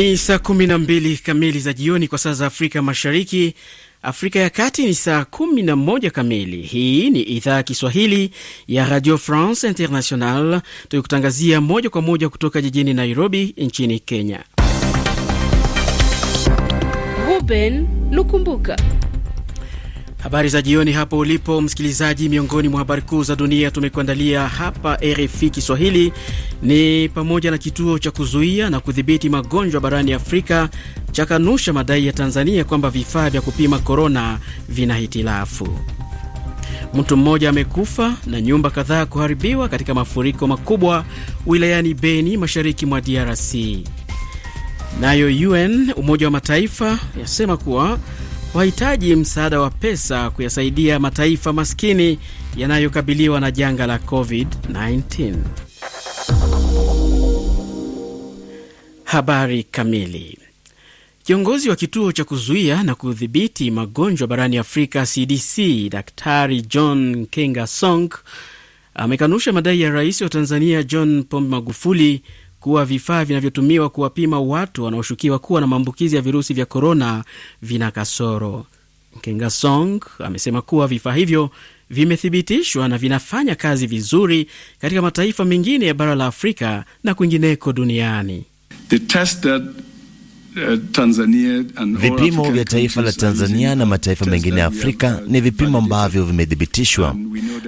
Ni saa 12 kamili za jioni kwa saa za Afrika Mashariki. Afrika ya Kati ni saa 11 kamili. Hii ni idhaa ya Kiswahili ya Radio France International, tukikutangazia moja kwa moja kutoka jijini Nairobi nchini Kenya. Ruben Lukumbuka Habari za jioni hapo ulipo msikilizaji. Miongoni mwa habari kuu za dunia tumekuandalia hapa RFI Kiswahili ni pamoja na kituo cha kuzuia na kudhibiti magonjwa barani Afrika chakanusha madai ya Tanzania kwamba vifaa vya kupima korona vina hitilafu. Mtu mmoja amekufa na nyumba kadhaa kuharibiwa katika mafuriko makubwa wilayani Beni, mashariki mwa DRC. Nayo UN, Umoja wa Mataifa, yasema kuwa wahitaji msaada wa pesa kuyasaidia mataifa maskini yanayokabiliwa na janga la COVID-19. Habari kamili. Kiongozi wa kituo cha kuzuia na kudhibiti magonjwa barani Afrika, CDC, Daktari John Kenga Song amekanusha madai ya rais wa Tanzania John Pombe Magufuli kuwa vifaa vinavyotumiwa kuwapima watu wanaoshukiwa kuwa na maambukizi ya virusi vya korona vina kasoro. Song amesema kuwa vifaa hivyo vimethibitishwa na vinafanya kazi vizuri katika mataifa mengine ya bara la Afrika na kwingineko duniani. The Uh, vipimo vya taifa la Tanzania na mataifa mengine ya Afrika uh, ni vipimo ambavyo vimethibitishwa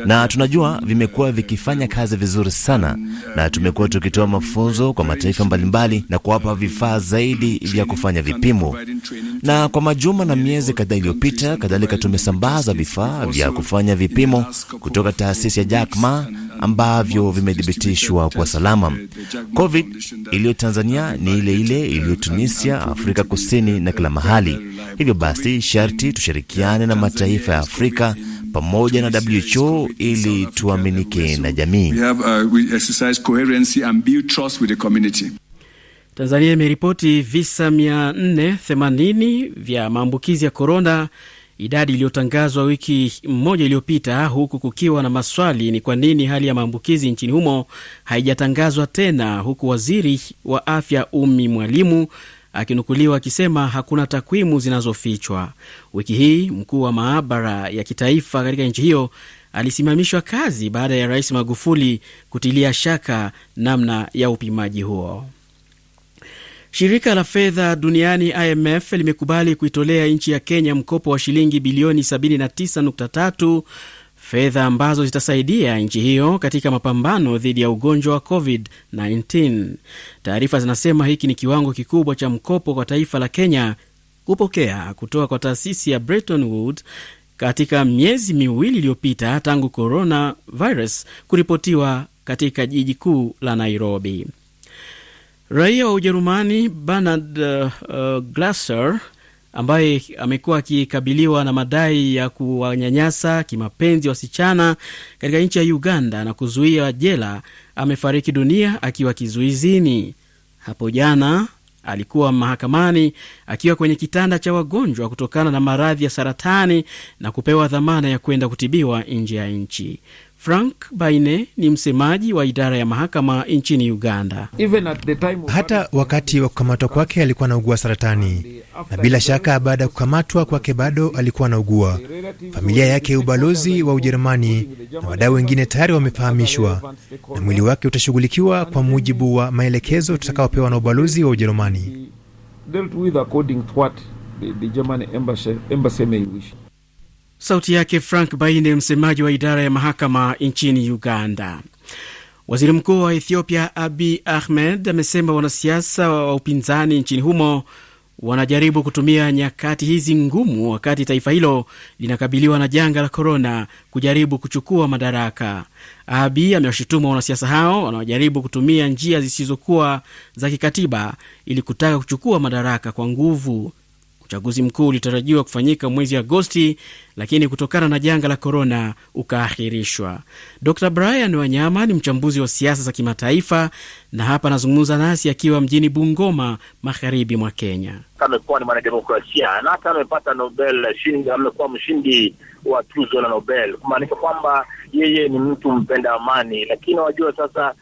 na tunajua vimekuwa vikifanya kazi vizuri sana, uh, na tumekuwa tukitoa mafunzo kwa mataifa mbalimbali na kuwapa vifaa zaidi vya kufanya vipimo. Na kwa majuma na miezi kadhaa iliyopita, kadhalika tumesambaza vifaa vya kufanya vipimo kutoka taasisi ya Jack Ma ambavyo vimethibitishwa kwa salama. Covid iliyo Tanzania ni ile ile iliyo Tunisia, Afrika Kusini na kila mahali. Hivyo basi, sharti tushirikiane na mataifa ya Afrika pamoja na WHO ili tuaminike na jamii. Uh, Tanzania imeripoti visa 480 vya maambukizi ya korona idadi iliyotangazwa wiki moja iliyopita, huku kukiwa na maswali ni kwa nini hali ya maambukizi nchini humo haijatangazwa tena, huku waziri wa afya umi Mwalimu akinukuliwa akisema hakuna takwimu zinazofichwa. Wiki hii mkuu wa maabara ya kitaifa katika nchi hiyo alisimamishwa kazi baada ya Rais Magufuli kutilia shaka namna ya upimaji huo. Shirika la fedha duniani IMF limekubali kuitolea nchi ya Kenya mkopo wa shilingi bilioni 79.3, fedha ambazo zitasaidia nchi hiyo katika mapambano dhidi ya ugonjwa wa COVID-19. Taarifa zinasema hiki ni kiwango kikubwa cha mkopo kwa taifa la Kenya kupokea kutoka kwa taasisi ya Bretton Woods katika miezi miwili iliyopita tangu coronavirus kuripotiwa katika jiji kuu la Nairobi. Raia wa Ujerumani Bernard uh, uh Glaser ambaye amekuwa akikabiliwa na madai ya kuwanyanyasa kimapenzi wasichana katika nchi ya Uganda na kuzuia jela amefariki dunia akiwa kizuizini. Hapo jana alikuwa mahakamani akiwa kwenye kitanda cha wagonjwa kutokana na maradhi ya saratani na kupewa dhamana ya kwenda kutibiwa nje ya nchi. Frank Baine ni msemaji wa idara ya mahakama nchini Uganda. Hata wakati wa kukamatwa kwake alikuwa anaugua saratani, na bila shaka baada ya kukamatwa kwake bado alikuwa anaugua. Familia yake, ubalozi wa Ujerumani na wadau wengine tayari wamefahamishwa, na mwili wake utashughulikiwa kwa mujibu wa maelekezo tutakaopewa na ubalozi wa Ujerumani. Sauti yake Frank Baine, msemaji wa idara ya mahakama nchini Uganda. Waziri mkuu wa Ethiopia abi Ahmed amesema wanasiasa wa upinzani nchini humo wanajaribu kutumia nyakati hizi ngumu, wakati taifa hilo linakabiliwa na janga la korona, kujaribu kuchukua madaraka. abi amewashutuma wanasiasa hao wanaojaribu kutumia njia zisizokuwa za kikatiba ili kutaka kuchukua madaraka kwa nguvu. Uchaguzi mkuu ulitarajiwa kufanyika mwezi Agosti, lakini kutokana na janga la korona ukaahirishwa. Dr Brian Wanyama ni mchambuzi wa siasa za kimataifa na hapa anazungumza nasi akiwa mjini Bungoma, magharibi mwa Kenya. Amekuwa ni mwanademokrasia na hata amepata Nobel, amekuwa mshindi wa tuzo la Nobel, kumaanisha kwamba yeye ni mtu mpenda amani, lakini wajua sasa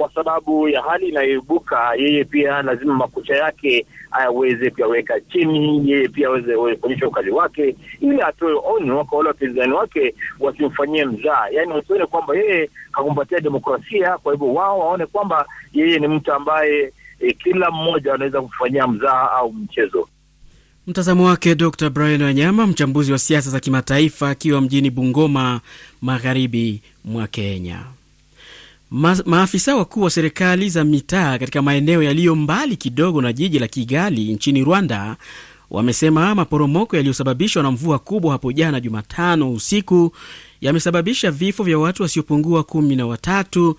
kwa sababu ya hali inayoibuka, yeye pia lazima makucha yake aweze kuyaweka chini, yeye pia aweze kuonyesha ukali wake, ili atoe onyo kwa wale wapinzani wake wasimfanyie mzaa, yaani wasione kwamba yeye hakumpatia demokrasia, kwa hivyo wao waone kwamba yeye ni mtu ambaye e, kila mmoja anaweza kumfanyia mzaa au mchezo. Mtazamo wake Dr Brian Wanyama, mchambuzi wa siasa za kimataifa, akiwa mjini Bungoma, magharibi mwa Kenya. Ma, maafisa wakuu wa serikali za mitaa katika maeneo yaliyo mbali kidogo na jiji la Kigali nchini Rwanda wamesema maporomoko yaliyosababishwa na mvua kubwa hapo jana Jumatano usiku yamesababisha vifo vya watu wasiopungua kumi na watatu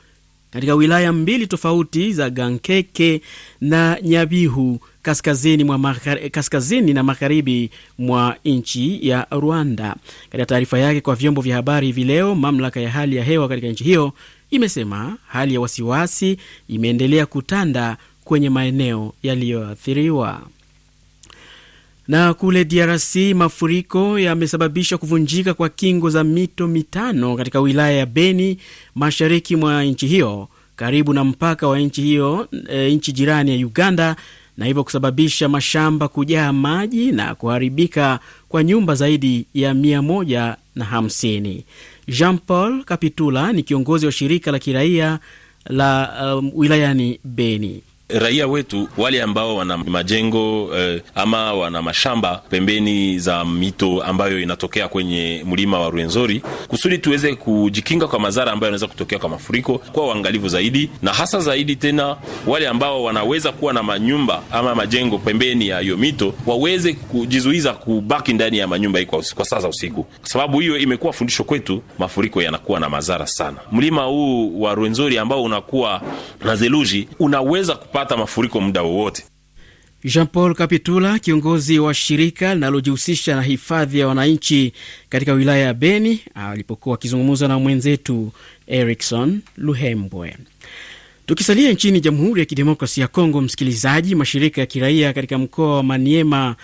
katika wilaya mbili tofauti za Gankeke na Nyabihu kaskazini, mwa makar, kaskazini na magharibi mwa nchi ya Rwanda. Katika taarifa yake kwa vyombo vya habari hivi leo, mamlaka ya hali ya hewa katika nchi hiyo imesema hali ya wasiwasi imeendelea kutanda kwenye maeneo yaliyoathiriwa. Na kule DRC mafuriko yamesababisha kuvunjika kwa kingo za mito mitano katika wilaya ya Beni mashariki mwa nchi hiyo karibu na mpaka wa nchi hiyo e, nchi jirani ya Uganda na hivyo kusababisha mashamba kujaa maji na kuharibika kwa nyumba zaidi ya mia moja na hamsini. Jean Paul Kapitula ni kiongozi wa shirika la kiraia la um, wilayani Beni raia wetu wale ambao wana majengo eh, ama wana mashamba pembeni za mito ambayo inatokea kwenye mlima wa Ruenzori, kusudi tuweze kujikinga kwa madhara ambayo yanaweza kutokea kwa mafuriko, kwa uangalifu zaidi, na hasa zaidi tena wale ambao wanaweza kuwa na manyumba ama majengo pembeni ya hiyo mito waweze kujizuiza kubaki ndani ya manyumba hii kwa saa za usiku, kwa sababu hiyo imekuwa fundisho kwetu. Mafuriko yanakuwa na madhara sana. Mlima huu wa Ruenzori ambao unakuwa na zeluji unaweza kupa kupata mafuriko muda wowote. Jean Paul Kapitula, kiongozi wa shirika linalojihusisha na hifadhi ya wananchi katika wilaya ya Beni, alipokuwa akizungumza na mwenzetu Erikson Luhembwe. Tukisalia nchini Jamhuri ya kidemokrasi ya Kongo, msikilizaji, mashirika ya kiraia katika mkoa wa Maniema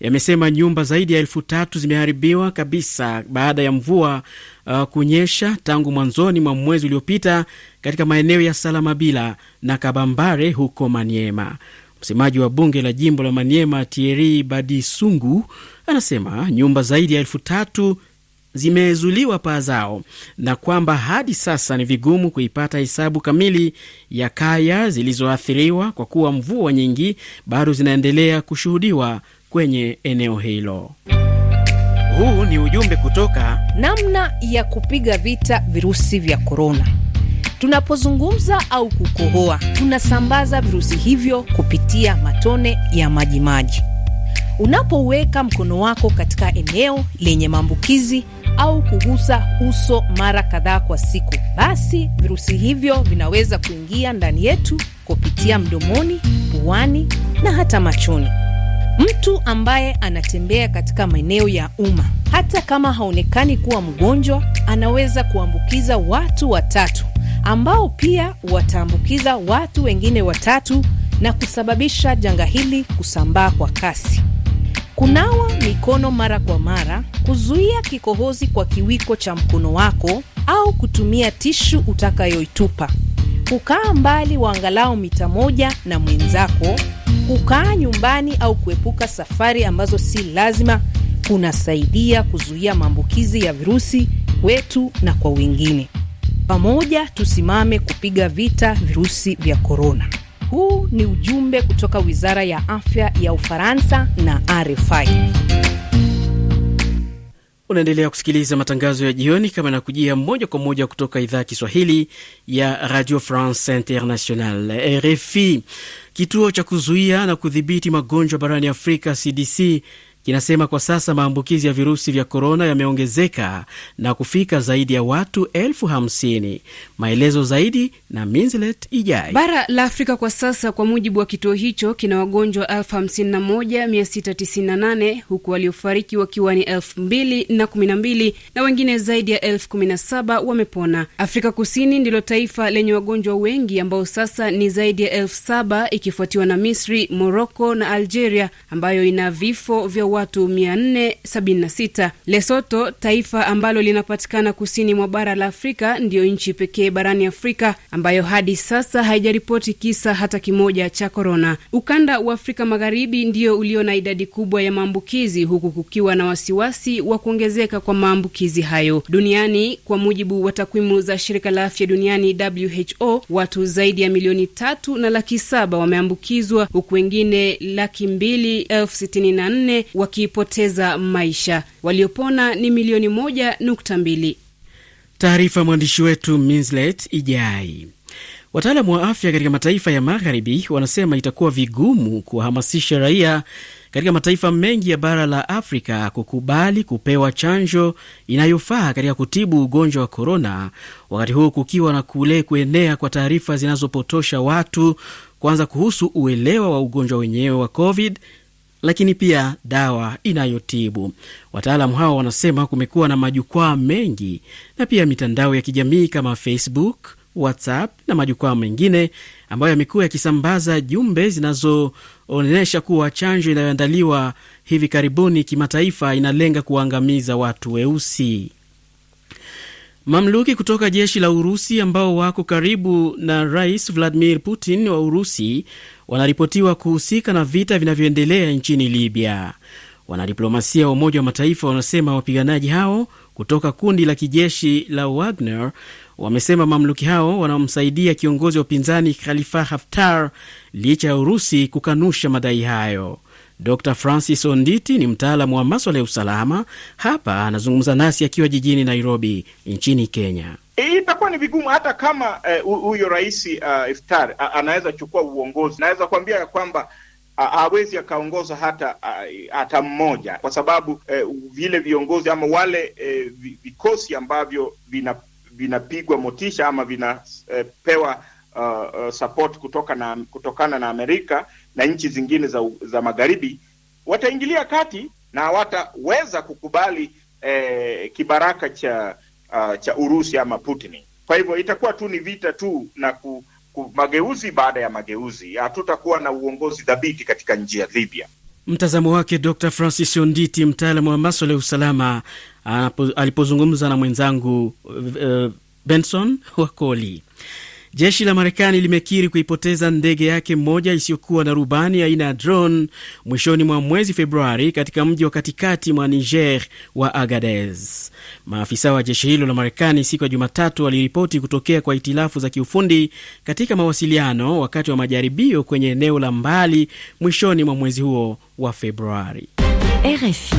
yamesema nyumba zaidi ya elfu tatu zimeharibiwa kabisa baada ya mvua uh, kunyesha tangu mwanzoni mwa mwezi uliopita katika maeneo ya Salamabila na Kabambare huko Maniema. Msemaji wa bunge la jimbo la Maniema, Thierry Badisungu, anasema nyumba zaidi ya elfu tatu zimezuliwa paa zao na kwamba hadi sasa ni vigumu kuipata hesabu kamili ya kaya zilizoathiriwa kwa kuwa mvua nyingi bado zinaendelea kushuhudiwa kwenye eneo hilo. Huu ni ujumbe kutoka namna ya kupiga vita virusi vya korona. Tunapozungumza au kukohoa, tunasambaza virusi hivyo kupitia matone ya majimaji. Unapoweka mkono wako katika eneo lenye maambukizi au kugusa uso mara kadhaa kwa siku, basi virusi hivyo vinaweza kuingia ndani yetu kupitia mdomoni, puani na hata machoni. Mtu ambaye anatembea katika maeneo ya umma, hata kama haonekani kuwa mgonjwa, anaweza kuambukiza watu watatu ambao pia wataambukiza watu wengine watatu na kusababisha janga hili kusambaa kwa kasi. Kunawa mikono mara kwa mara, kuzuia kikohozi kwa kiwiko cha mkono wako au kutumia tishu utakayoitupa kukaa mbali wa angalau mita moja na mwenzako, kukaa nyumbani au kuepuka safari ambazo si lazima kunasaidia kuzuia maambukizi ya virusi kwetu na kwa wengine. Pamoja tusimame kupiga vita virusi vya korona. Huu ni ujumbe kutoka Wizara ya Afya ya Ufaransa na RFI. Unaendelea kusikiliza matangazo ya jioni kama nakujia moja kwa moja kutoka idhaa ya Kiswahili ya Radio France international RFI. Kituo cha kuzuia na kudhibiti magonjwa barani Afrika, CDC, kinasema kwa sasa maambukizi ya virusi vya korona yameongezeka na kufika zaidi ya watu elfu hamsini. Maelezo zaidi na Minzilet Ijai. Bara la Afrika kwa sasa, kwa mujibu wa kituo hicho, kina wagonjwa elfu hamsini na moja mia sita tisini na nane huku waliofariki wakiwa ni elfu mbili na kumi na mbili na wengine zaidi ya elfu kumi na saba wamepona. Afrika Kusini ndilo taifa lenye wagonjwa wengi ambao sasa ni zaidi ya elfu saba ikifuatiwa na Misri, Moroko na Algeria ambayo ina vifo vya watu 476. Lesoto, taifa ambalo linapatikana kusini mwa bara la Afrika, ndiyo nchi pekee barani Afrika ambayo hadi sasa haijaripoti kisa hata kimoja cha korona. Ukanda wa Afrika Magharibi ndiyo ulio na idadi kubwa ya maambukizi, huku kukiwa na wasiwasi wa kuongezeka kwa maambukizi hayo duniani. Kwa mujibu wa takwimu za shirika la afya duniani WHO, watu zaidi ya milioni tatu na laki saba wameambukizwa huku wengine laki mbili elfu sitini na nne wakipoteza maisha. Waliopona ni milioni moja nukta mbili. Taarifa ya mwandishi wetu Minslet Ijai. Wataalamu wa afya katika mataifa ya magharibi wanasema itakuwa vigumu kuwahamasisha raia katika mataifa mengi ya bara la Afrika kukubali kupewa chanjo inayofaa katika kutibu ugonjwa wa korona, wakati huu kukiwa na kule kuenea kwa taarifa zinazopotosha watu kwanza kuhusu uelewa wa ugonjwa wenyewe wa COVID lakini pia dawa inayotibu. Wataalamu hao wanasema kumekuwa na majukwaa mengi na pia mitandao ya kijamii kama Facebook, WhatsApp na majukwaa mengine ambayo yamekuwa yakisambaza jumbe zinazoonyesha kuwa chanjo inayoandaliwa hivi karibuni kimataifa inalenga kuwaangamiza watu weusi. Mamluki kutoka jeshi la Urusi ambao wako karibu na Rais Vladimir Putin wa Urusi wanaripotiwa kuhusika na vita vinavyoendelea nchini Libya. Wanadiplomasia wa Umoja wa Mataifa wanasema wapiganaji hao kutoka kundi la kijeshi la Wagner wamesema mamluki hao wanamsaidia kiongozi wa upinzani Khalifa Haftar licha ya Urusi kukanusha madai hayo. Dr Francis Onditi ni mtaalamu wa maswala ya usalama. Hapa anazungumza nasi akiwa jijini Nairobi nchini Kenya. Eh, itakuwa ni vigumu hata kama eh, huyo uh, rais uh, Iftar uh, anaweza chukua uongozi. Naweza kuambia ya kwamba hawezi akaongoza hata hata mmoja kwa sababu eh, vile viongozi ama wale eh, vikosi ambavyo vinapigwa vina motisha ama vinapewa eh, uh, uh, support kutoka na, kutokana na Amerika na nchi zingine za, za magharibi wataingilia kati na wataweza kukubali eh, kibaraka cha uh, cha Urusi ama putini Kwa hivyo itakuwa tu ni vita tu na ku, ku, mageuzi baada ya mageuzi. Hatutakuwa na uongozi dhabiti katika nchi ya Libya. Mtazamo wake Dr. Francis Onditi, mtaalamu wa maswala ya usalama, alipozungumza na mwenzangu uh, Benson Wakoli. Jeshi la Marekani limekiri kuipoteza ndege yake moja isiyokuwa na rubani aina ya drone mwishoni mwa mwezi Februari katika mji wa katikati mwa Niger wa Agadez. Maafisa wa jeshi hilo la Marekani siku ya Jumatatu waliripoti kutokea kwa hitilafu za kiufundi katika mawasiliano wakati wa majaribio kwenye eneo la mbali mwishoni mwa mwezi huo wa Februari. RFI.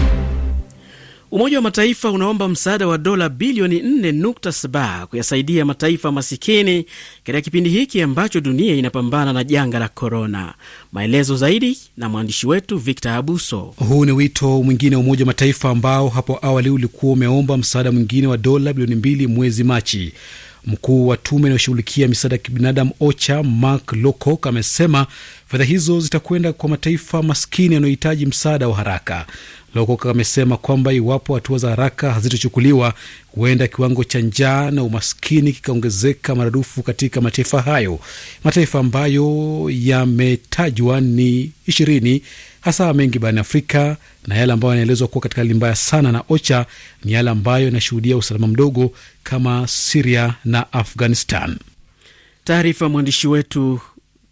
Umoja wa Mataifa unaomba msaada wa dola bilioni 4.7 kuyasaidia mataifa masikini katika kipindi hiki ambacho dunia inapambana na janga la korona. Maelezo zaidi na mwandishi wetu Victor Abuso. Huu ni wito mwingine wa Umoja wa Mataifa ambao hapo awali ulikuwa umeomba msaada mwingine wa dola bilioni 2 mwezi Machi. Mkuu wa tume inayoshughulikia misaada ya kibinadamu OCHA Mark Lowcock amesema fedha hizo zitakwenda kwa mataifa maskini yanayohitaji msaada wa haraka. Lowcock amesema kwamba iwapo hatua za haraka hazitochukuliwa, huenda kiwango cha njaa na umaskini kikaongezeka maradufu katika mataifa hayo. Mataifa ambayo yametajwa ni ishirini, hasa mengi barani Afrika na yale ambayo yanaelezwa kuwa katika hali mbaya sana na OCHA ni yale ambayo yanashuhudia usalama mdogo kama Siria na Afghanistan. Taarifa mwandishi wetu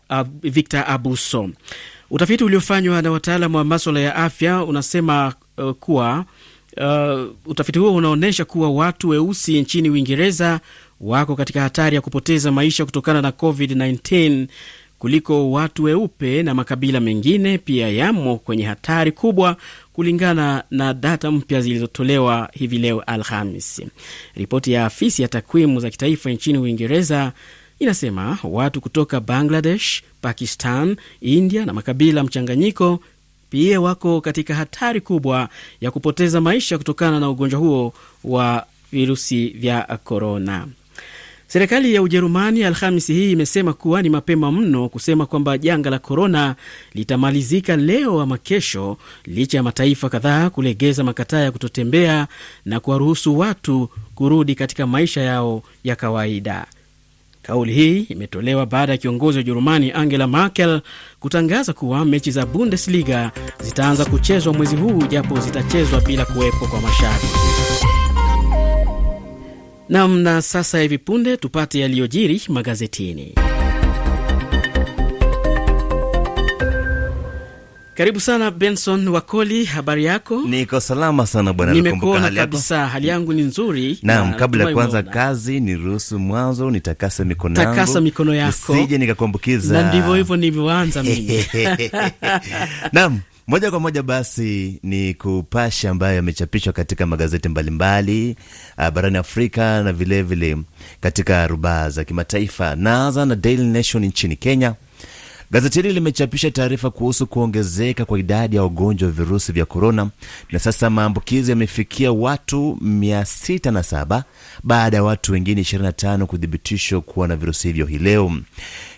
Ab Victor Abuso. Utafiti uliofanywa na wataalamu wa maswala ya afya unasema uh, kuwa uh, utafiti huo unaonyesha kuwa watu weusi nchini Uingereza wako katika hatari ya kupoteza maisha kutokana na COVID-19 kuliko watu weupe na makabila mengine pia yamo kwenye hatari kubwa, kulingana na data mpya zilizotolewa hivi leo Alhamis. Ripoti ya afisi ya takwimu za kitaifa nchini Uingereza inasema watu kutoka Bangladesh, Pakistan, India na makabila mchanganyiko pia wako katika hatari kubwa ya kupoteza maisha kutokana na ugonjwa huo wa virusi vya korona. Serikali ya Ujerumani Alhamisi hii imesema kuwa ni mapema mno kusema kwamba janga la korona litamalizika leo ama kesho, licha ya mataifa kadhaa kulegeza makataa ya kutotembea na kuwaruhusu watu kurudi katika maisha yao ya kawaida. Kauli hii imetolewa baada ya kiongozi wa Ujerumani Angela Merkel kutangaza kuwa mechi za Bundesliga zitaanza kuchezwa mwezi huu, japo zitachezwa bila kuwepo kwa mashari Nam, na sasa hivi punde tupate yaliyojiri magazetini. Karibu sana Benson Wakoli, habari yako? Niko salama sana bwana, nimekuona kabisa, hali yangu ni nzuri. Naam, kabla ya kuanza kazi niruhusu mwanzo nitakase mikono yangu, takasa mikono yako, sije nikakuambukiza. Na ndivyo hivyo nilivyoanza mimi. Naam. Moja kwa moja basi ni kupasha ambayo yamechapishwa katika magazeti mbalimbali mbali, ah, barani Afrika na vilevile vile katika rubaa za kimataifa. Naanza na Daily Nation nchini Kenya. Gazeti hili limechapisha taarifa kuhusu kuongezeka kwa idadi ya wagonjwa wa virusi vya korona, na sasa maambukizi yamefikia watu 607 baada ya watu wengine 25 kuthibitishwa kuwa na virusi hivyo hii leo.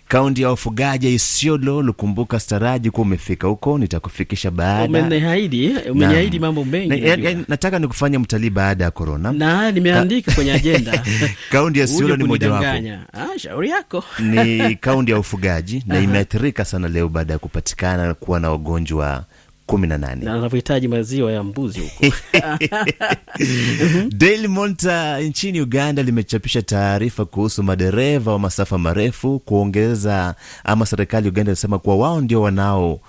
Kaunti ya wafugaji Isiolo, lukumbuka staraji kuwa umefika huko, nitakufikisha baada. Umeniahidi, umeniahidi mambo mengi. Na, ya, eh, nataka nikufanye mtalii baada ya korona, na nimeandika kwenye ajenda kaunti ya Isiolo ni mojawapo. Ah, shauri yako ni kaunti ya ufugaji na imeathirika sana leo baada ya kupatikana kuwa na ugonjwa anavyohitaji maziwa ya mbuzi huko. Mhm. Daily Monitor nchini Uganda limechapisha taarifa kuhusu madereva wa masafa marefu kuongeza, ama serikali Uganda inasema kuwa wao ndio wanao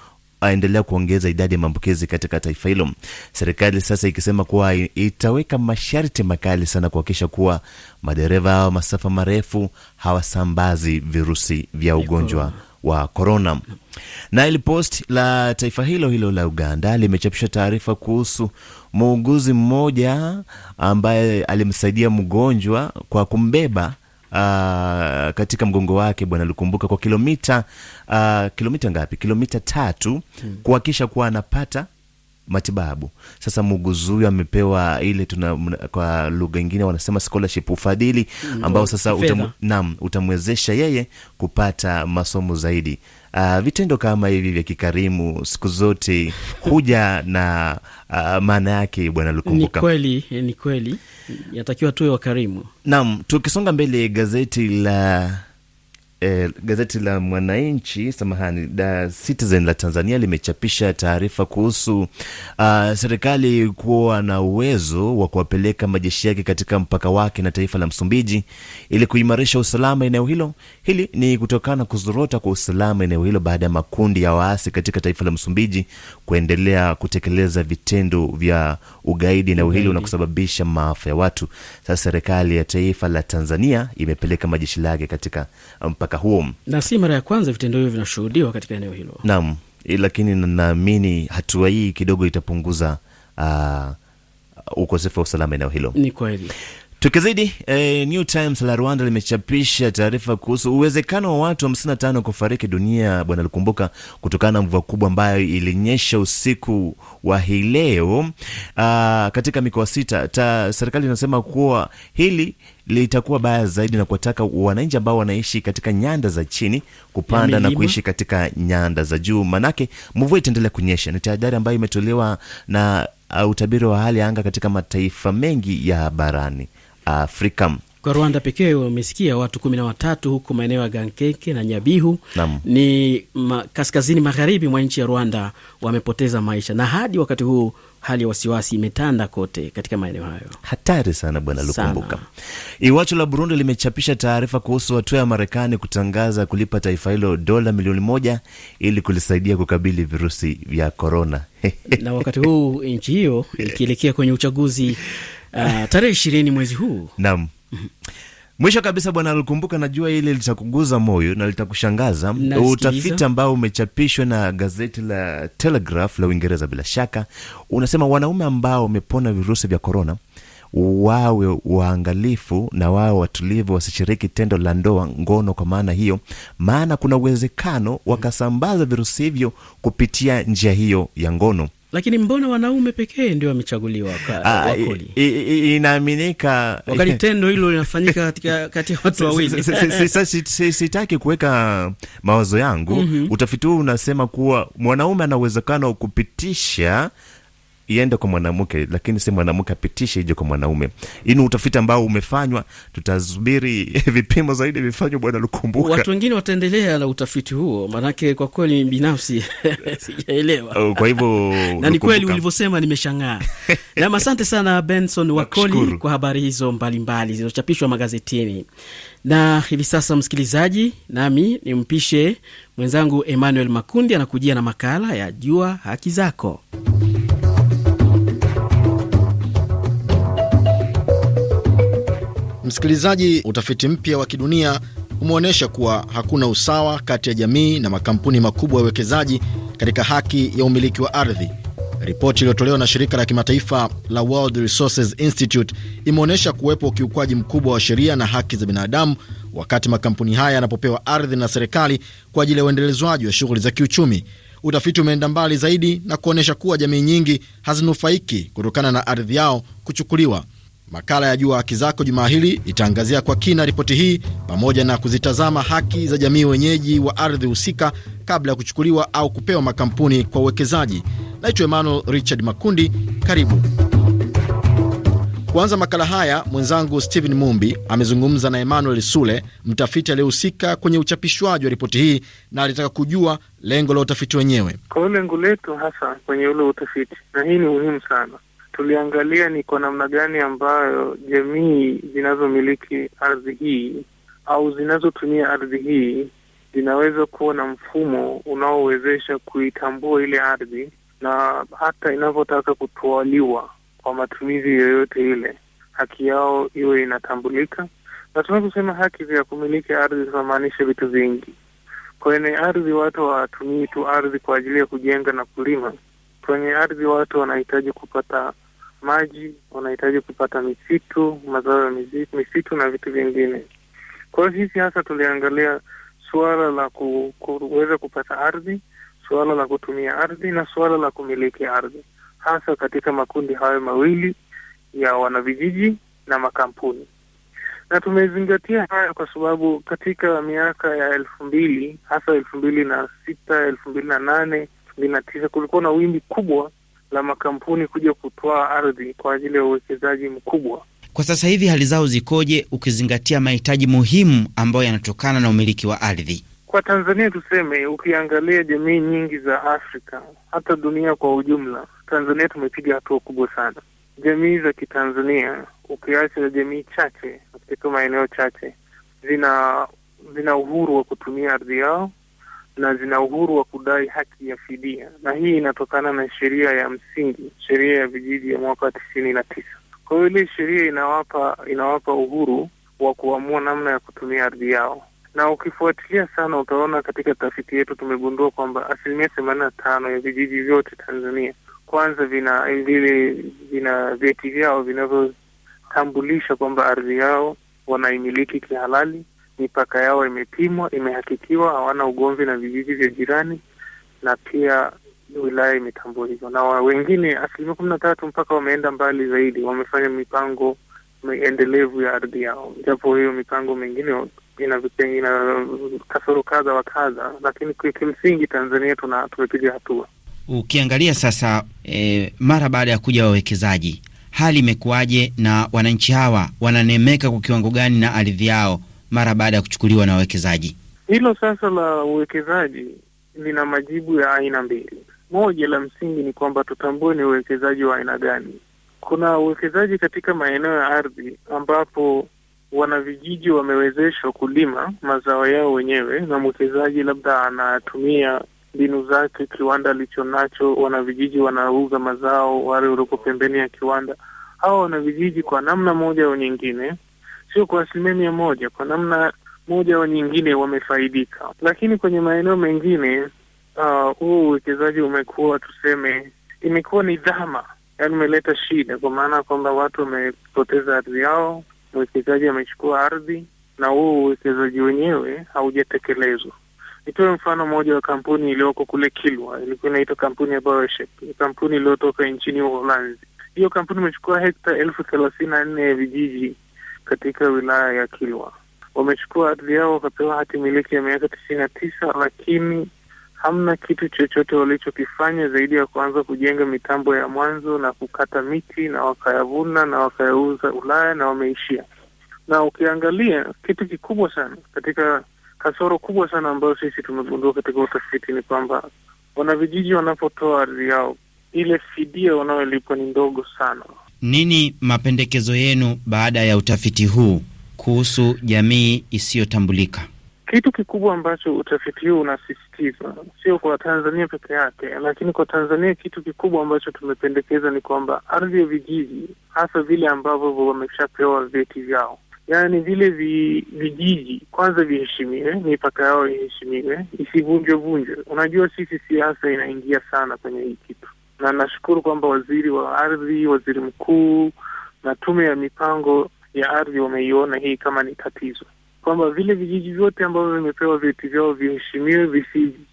aendelea ah, kuongeza idadi ya maambukizi katika taifa hilo, serikali sasa ikisema kuwa itaweka masharti makali sana kuhakikisha kuwa madereva wa masafa marefu hawasambazi virusi vya ugonjwa wa korona. Nile Post la taifa hilo hilo la Uganda limechapisha taarifa kuhusu muuguzi mmoja ambaye alimsaidia mgonjwa kwa kumbeba Uh, katika mgongo wake bwana alikumbuka kwa kilomita uh, kilomita ngapi? Kilomita tatu, hmm, kuhakikisha kuwa anapata matibabu. Sasa muuguzi huyu amepewa ile tuna kwa lugha ingine wanasema scholarship, ufadhili mm. ambao sasa utam, nam utamwezesha yeye kupata masomo zaidi. Uh, vitendo kama hivi vya kikarimu siku zote huja na uh, maana yake bwana Lukumbuka. Ni kweli, ni kweli, yatakiwa tuwe wakarimu. nam tukisonga mbele, gazeti la eh, gazeti la Mwananchi samahani, da Citizen la Tanzania limechapisha taarifa kuhusu uh, serikali kuwa na uwezo wa kuwapeleka majeshi yake katika mpaka wake na taifa la Msumbiji ili kuimarisha usalama eneo hilo. Hili ni kutokana kuzorota kwa usalama eneo hilo baada ya makundi ya waasi katika taifa la Msumbiji kuendelea kutekeleza vitendo vya ugaidi eneo hilo na kusababisha maafa ya watu. Sasa serikali ya taifa la Tanzania imepeleka majeshi lake katika mpaka mpaka huo, na si mara ya kwanza vitendo hivyo vinashuhudiwa katika eneo hilo. Naam, eh, lakini naamini hatua hii kidogo itapunguza uh, ukosefu wa usalama eneo hilo. Ni kweli. Tukizidi eh, New Times la Rwanda limechapisha taarifa kuhusu uwezekano wa watu 55 kufariki dunia, bwana likumbuka, kutokana na mvua kubwa ambayo ilinyesha usiku wa hii leo ah, katika mikoa sita. Serikali inasema kuwa hili litakuwa baya zaidi na kuwataka wananchi ambao wanaishi katika nyanda za chini kupanda na kuishi katika nyanda za juu, manake mvua itaendelea kunyesha. Ni tahadhari ambayo imetolewa na uh, utabiri wa hali ya anga katika mataifa mengi ya barani Afrika. Kwa Rwanda pekee wamesikia watu kumi na watatu huku maeneo ya Gankeke na Nyabihu Nam. ni ma, kaskazini magharibi mwa nchi ya Rwanda wamepoteza maisha, na hadi wakati huu hali ya wasiwasi imetanda kote katika maeneo hayo. Hatari sana bwana Lukumbuka. Iwacho la Burundi limechapisha taarifa kuhusu hatua ya Marekani kutangaza kulipa taifa hilo dola milioni moja ili kulisaidia kukabili virusi vya korona. Na wakati huu nchi hiyo ikielekea kwenye uchaguzi uh, tarehe ishirini mwezi huu. Naam. Mhm. Mwisho kabisa, bwana alikumbuka, najua ile litakuguza moyo na litakushangaza. Utafiti ambao umechapishwa na gazeti la Telegraph la Uingereza bila shaka unasema wanaume ambao wamepona virusi vya korona wawe waangalifu na wawe watulivu, wasishiriki tendo la ndoa, ngono kwa maana hiyo, maana kuna uwezekano wakasambaza virusi hivyo kupitia njia hiyo ya ngono. Lakini mbona wanaume pekee ndio wamechaguliwa wakoli? Ah, inaaminika wakati tendo hilo linafanyika kati ya watu wawili. Sitaki kuweka mawazo yangu. Mhm. Utafiti huu unasema kuwa mwanaume ana uwezekano wa kupitisha iende kwa mwanamke, lakini si mwanamke apitishe ije kwa mwanaume. Hii ni utafiti ambao umefanywa, tutasubiri vipimo zaidi vifanywe, Bwana Lukumbuka. Watu wengine wataendelea na utafiti huo, maanake kwa kweli binafsi sijaelewa. Oh, kwa hivyo na ni kweli ulivyosema, nimeshangaa nam. Asante sana Benson Wakoli kwa habari hizo mbalimbali zilizochapishwa magazetini. Na hivi sasa, msikilizaji, nami nimpishe mwenzangu Emmanuel Makundi anakujia na makala ya Jua Haki Zako. Msikilizaji, utafiti mpya wa kidunia umeonyesha kuwa hakuna usawa kati ya jamii na makampuni makubwa ya uwekezaji katika haki ya umiliki wa ardhi. Ripoti iliyotolewa na shirika la kimataifa la World Resources Institute imeonyesha kuwepo ukiukwaji mkubwa wa sheria na haki za binadamu wakati makampuni haya yanapopewa ardhi na serikali kwa ajili ya uendelezwaji wa shughuli za kiuchumi. Utafiti umeenda mbali zaidi na kuonyesha kuwa jamii nyingi hazinufaiki kutokana na ardhi yao kuchukuliwa. Makala ya Jua Haki Zako jumaa hili itaangazia kwa kina ripoti hii pamoja na kuzitazama haki za jamii wenyeji wa ardhi husika kabla ya kuchukuliwa au kupewa makampuni kwa uwekezaji. Naitwa Emmanuel Richard Makundi, karibu kuanza makala haya. Mwenzangu Stephen Mumbi amezungumza na Emmanuel Sule, mtafiti aliyehusika kwenye uchapishwaji wa ripoti hii, na alitaka kujua lengo la utafiti wenyewe. Kwa hiyo lengo letu hasa kwenye ule utafiti, na hii ni muhimu sana tuliangalia ni kwa namna gani ambayo jamii zinazomiliki ardhi hii au zinazotumia ardhi hii zinaweza kuwa na mfumo unaowezesha kuitambua ile ardhi na hata inavyotaka kutwaliwa kwa matumizi yoyote ile, haki yao iwe inatambulika. Na tunaposema haki za kumiliki ardhi, tunamaanisha vitu vingi. Kwenye ardhi, watu hawatumii tu ardhi kwa ajili ya kujenga na kulima. Kwenye ardhi, watu wanahitaji kupata maji, wanahitaji kupata misitu, mazao ya misitu na vitu vingine. Kwa hiyo sisi hasa tuliangalia suala la ku, kuweza kupata ardhi, suala la kutumia ardhi na suala la kumiliki ardhi, hasa katika makundi hayo mawili ya wanavijiji na makampuni na tumezingatia haya kwa sababu katika miaka ya elfu mbili hasa elfu mbili na sita elfu mbili na nane elfu mbili na tisa kulikuwa na wimbi kubwa la makampuni kuja kutoa ardhi kwa ajili ya uwekezaji mkubwa. Kwa sasa hivi hali zao zikoje, ukizingatia mahitaji muhimu ambayo yanatokana na umiliki wa ardhi kwa Tanzania? Tuseme, ukiangalia jamii nyingi za Afrika hata dunia kwa ujumla, Tanzania tumepiga hatua kubwa sana. Jamii za Kitanzania ukiacha na jamii chache katika maeneo chache, zina zina uhuru wa kutumia ardhi yao na zina uhuru wa kudai haki ya fidia, na hii inatokana na sheria ya msingi, sheria ya vijiji ya mwaka wa tisini na tisa. Kwa hiyo ile sheria inawapa inawapa uhuru wa kuamua namna ya kutumia ardhi yao, na ukifuatilia sana utaona katika tafiti yetu tumegundua kwamba asilimia themanini na tano ya vijiji vyote Tanzania kwanza vina vile vina vyeti vyao vinavyotambulisha kwamba ardhi yao wanaimiliki kihalali mipaka yao imepimwa, imehakikiwa, hawana ugomvi na vijiji vya jirani, na pia wilaya imetambua hivyo, na wengine asilimia kumi na tatu mpaka wameenda mbali zaidi, wamefanya mipango endelevu ya ardhi yao, japo hiyo mipango mingine ina kasoro kadha wa kadha, lakini kimsingi Tanzania tuna tumepiga hatua. Ukiangalia sasa e, mara baada ya kuja wawekezaji, hali imekuwaje na wananchi hawa wananemeka kwa kiwango gani na ardhi yao? mara baada ya kuchukuliwa na wawekezaji. Hilo sasa la uwekezaji lina majibu ya aina mbili. Moja la msingi ni kwamba tutambue ni uwekezaji wa aina gani. Kuna uwekezaji katika maeneo ya ardhi ambapo wanavijiji wamewezeshwa kulima mazao yao wenyewe, na mwekezaji labda anatumia mbinu zake, kiwanda alichonacho, wanavijiji wanauza mazao, wale walioko pembeni ya kiwanda. Hawa wanavijiji kwa namna moja au nyingine sio kwa asilimia mia moja, kwa namna moja au nyingine wamefaidika, lakini kwenye maeneo mengine uh, huu uh, uwekezaji umekuwa tuseme, imekuwa ni dhama, yaani umeleta shida, kwa maana ya kwamba watu wamepoteza ardhi yao, mwekezaji amechukua ardhi na huu uwekezaji wenyewe haujatekelezwa. Nitoe mfano mmoja wa kampuni iliyoko kule Kilwa, ilikuwa inaitwa kampuni ya Bioshep, kampuni iliyotoka nchini Uholanzi. Hiyo kampuni imechukua hekta elfu thelathini na nne ya vijiji katika wilaya ya Kilwa. Wamechukua ardhi yao wakapewa hati miliki ya miaka tisini na tisa, lakini hamna kitu chochote walichokifanya zaidi ya kuanza kujenga mitambo ya mwanzo na kukata miti na wakayavuna na wakayauza Ulaya na wameishia. Na ukiangalia kitu kikubwa sana katika kasoro kubwa sana ambayo sisi tumegundua katika utafiti ni kwamba wanavijiji wanapotoa ardhi yao ile fidia wanayolipwa ni ndogo sana. Nini mapendekezo yenu baada ya utafiti huu kuhusu jamii isiyotambulika? Kitu kikubwa ambacho utafiti huu unasisitiza, sio kwa Tanzania peke yake, lakini kwa Tanzania, kitu kikubwa ambacho tumependekeza ni kwamba ardhi ya vijiji, hasa vile ambavyo wameshapewa vyeti vyao, yaani vile vijiji kwanza viheshimiwe, mipaka yao iheshimiwe, isivunjwevunjwe Unajua, sisi siasa inaingia sana kwenye hii kitu na nashukuru kwamba waziri wa ardhi, waziri mkuu na tume ya mipango ya ardhi wameiona hii kama ni tatizo, kwamba vile vijiji vyote ambavyo vimepewa vyeti vyao viheshimiwe,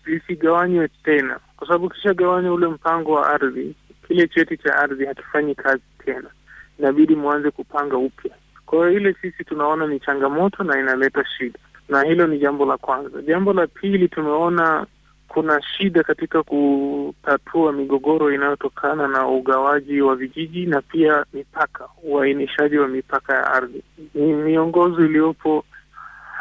visigawanywe tena, kwa sababu ukishagawanywa ule mpango wa ardhi, kile cheti cha ardhi hakifanyi kazi tena, inabidi mwanze kupanga upya. Kwa hiyo ile sisi tunaona ni changamoto na inaleta shida, na hilo ni jambo la kwanza. Jambo la pili, tumeona kuna shida katika kutatua migogoro inayotokana na ugawaji wa vijiji na pia mipaka, uainishaji wa mipaka ya ardhi. Ni miongozo iliyopo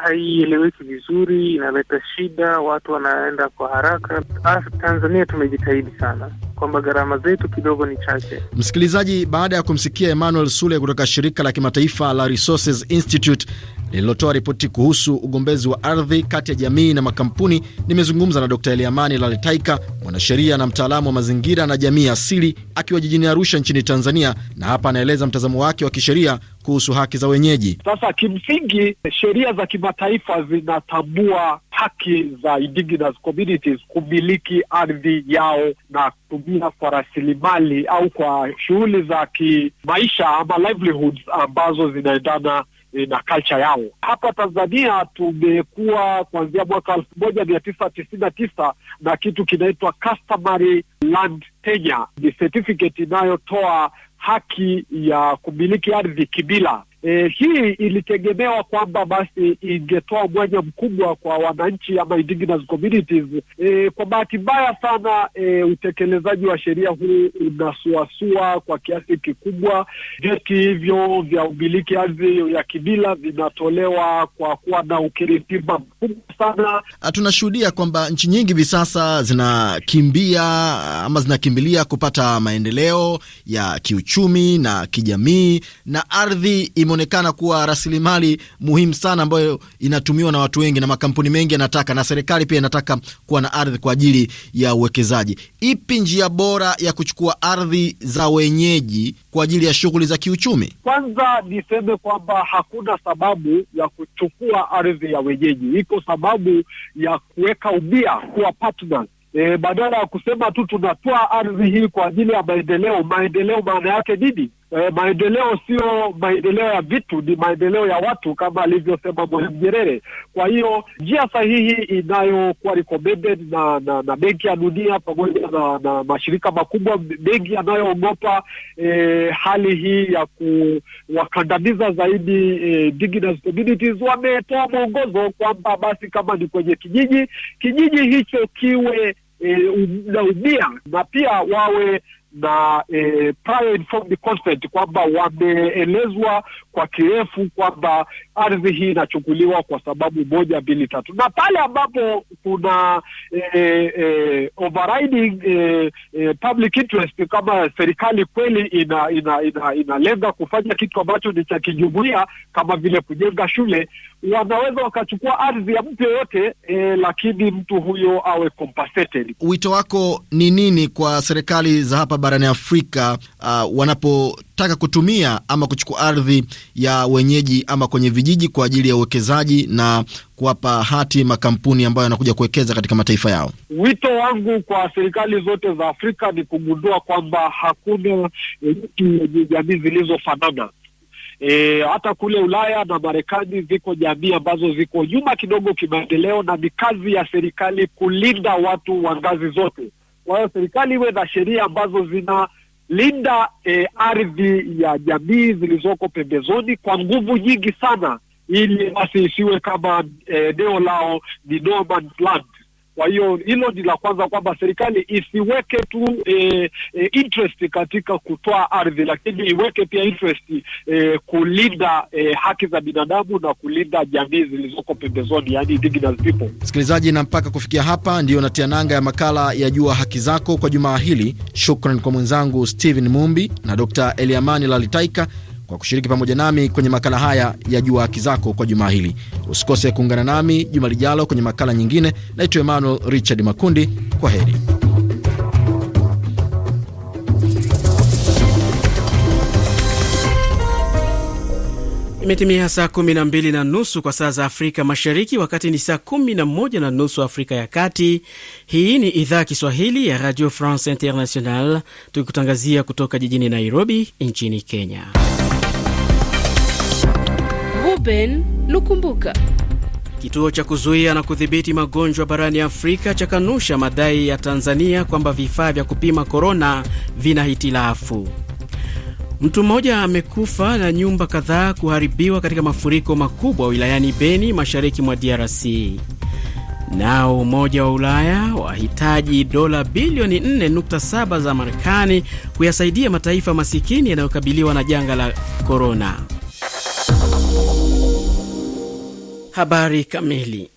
haieleweki vizuri, inaleta shida, watu wanaenda kwa haraka. Ah, Tanzania tumejitahidi sana kwamba gharama zetu kidogo ni chache. Msikilizaji, baada ya kumsikia Emmanuel Sule kutoka shirika la kimataifa la Resources Institute lililotoa ripoti kuhusu ugombezi wa ardhi kati ya jamii na makampuni. Nimezungumza na Dr Eliamani Laletaika, mwanasheria na mtaalamu wa mazingira na jamii asili, akiwa jijini Arusha nchini Tanzania, na hapa anaeleza mtazamo wake wa kisheria kuhusu haki za wenyeji. Sasa kimsingi, sheria za kimataifa zinatambua haki za indigenous communities kumiliki ardhi yao na kutumia kwa rasilimali au kwa shughuli za kimaisha ama livelihoods ambazo zinaendana Eh, na culture yao. Hapa Tanzania tumekuwa kuanzia mwaka elfu moja mia tisa tisini na tisa na kitu kinaitwa customary land tenure, ni certificate inayotoa haki ya kumiliki ardhi kibila E, hii ilitegemewa kwamba basi ingetoa mwanya mkubwa kwa wananchi ama indigenous communities. E, kwa bahati mbaya sana e, utekelezaji wa sheria huu unasuasua kwa kiasi kikubwa. Vyeti hivyo vya umiliki ardhi ya kibila vinatolewa kwa kuwa na ukiritima mkubwa sana. Ah, tunashuhudia kwamba nchi nyingi hivi sasa zinakimbia ama zinakimbilia kupata maendeleo ya kiuchumi na kijamii na ardhi ime imeonekana kuwa rasilimali muhimu sana ambayo inatumiwa na watu wengi na makampuni mengi yanataka, na serikali pia inataka kuwa na ardhi kwa ajili ya uwekezaji. Ipi njia bora ya kuchukua ardhi za wenyeji kwa ajili ya shughuli za kiuchumi? Kwanza niseme kwamba hakuna sababu ya kuchukua ardhi ya wenyeji, iko sababu ya kuweka ubia kuwa partners. E, badala ya kusema tu tunatoa ardhi hii kwa ajili ya maendeleo. Maendeleo maana yake nini? eh, maendeleo sio maendeleo ya vitu, ni maendeleo ya watu kama alivyosema Mwalimu Nyerere. Kwa hiyo njia sahihi inayokuwa recommended na, na, na Benki ya Dunia pamoja na, na mashirika makubwa mengi yanayoogopa eh, hali hii ya kuwakandamiza zaidi eh, indigenous communities, wametoa mwongozo kwamba basi kama ni kwenye kijiji kijiji hicho kiwe e, eh, naumia na pia wawe na e, prior informed consent kwamba wameelezwa kwa kirefu kwamba ardhi hii inachukuliwa kwa sababu moja mbili tatu, na pale ambapo kuna eh, eh, overriding eh, public interest, kama serikali kweli inalenga ina, ina kufanya kitu ambacho ni cha kijumuia kama vile kujenga shule, wanaweza wakachukua ardhi ya mtu yoyote e, lakini mtu huyo awe compensated. Wito wako ni nini kwa serikali za hapa barani Afrika uh, wanapotaka kutumia ama kuchukua ardhi ya wenyeji ama kwenye vijiji kwa ajili ya uwekezaji na kuwapa hati makampuni ambayo yanakuja kuwekeza katika mataifa yao. Wito wangu kwa serikali zote za Afrika ni kugundua kwamba hakuna nchi yenye jamii zilizofanana. E, hata kule Ulaya na Marekani ziko jamii ambazo ziko nyuma kidogo kimaendeleo, na ni kazi ya serikali kulinda watu wa ngazi zote kwa hiyo serikali iwe na sheria ambazo zinalinda e, ardhi ya jamii zilizoko pembezoni kwa nguvu nyingi sana, ili basi isiwe kama eh, eneo lao ni no man's land kwa hiyo hilo ni la kwanza, kwamba serikali isiweke tu e, e, interest katika kutoa ardhi, lakini iweke pia interest e, kulinda e, haki za binadamu na kulinda jamii zilizoko pembezoni, yani indigenous people. Msikilizaji, na mpaka kufikia hapa ndiyo natia nanga ya makala ya Jua Haki Zako kwa jumaa hili. Shukran kwa mwenzangu Steven Mumbi na Dr. Eliamani Lalitaika kwa kushiriki pamoja nami kwenye makala haya ya Jua Haki Zako kwa jumaa hili. Usikose kuungana nami juma lijalo kwenye makala nyingine. Naitwa Emmanuel Richard Makundi, kwa heri. Imetimia saa 12 na nusu kwa saa za Afrika Mashariki, wakati ni saa 11 na nusu Afrika ya Kati. Hii ni idhaa ya Kiswahili ya Radio France International, tukikutangazia kutoka jijini Nairobi nchini Kenya. Ruben Lukumbuka. Kituo cha kuzuia na kudhibiti magonjwa barani Afrika chakanusha madai ya Tanzania kwamba vifaa vya kupima korona vina hitilafu. Mtu mmoja amekufa na nyumba kadhaa kuharibiwa katika mafuriko makubwa wilayani Beni, mashariki mwa DRC. Nao Umoja wa Ulaya wahitaji dola bilioni 4.7 za Marekani kuyasaidia mataifa masikini yanayokabiliwa na janga la korona. Habari kamili.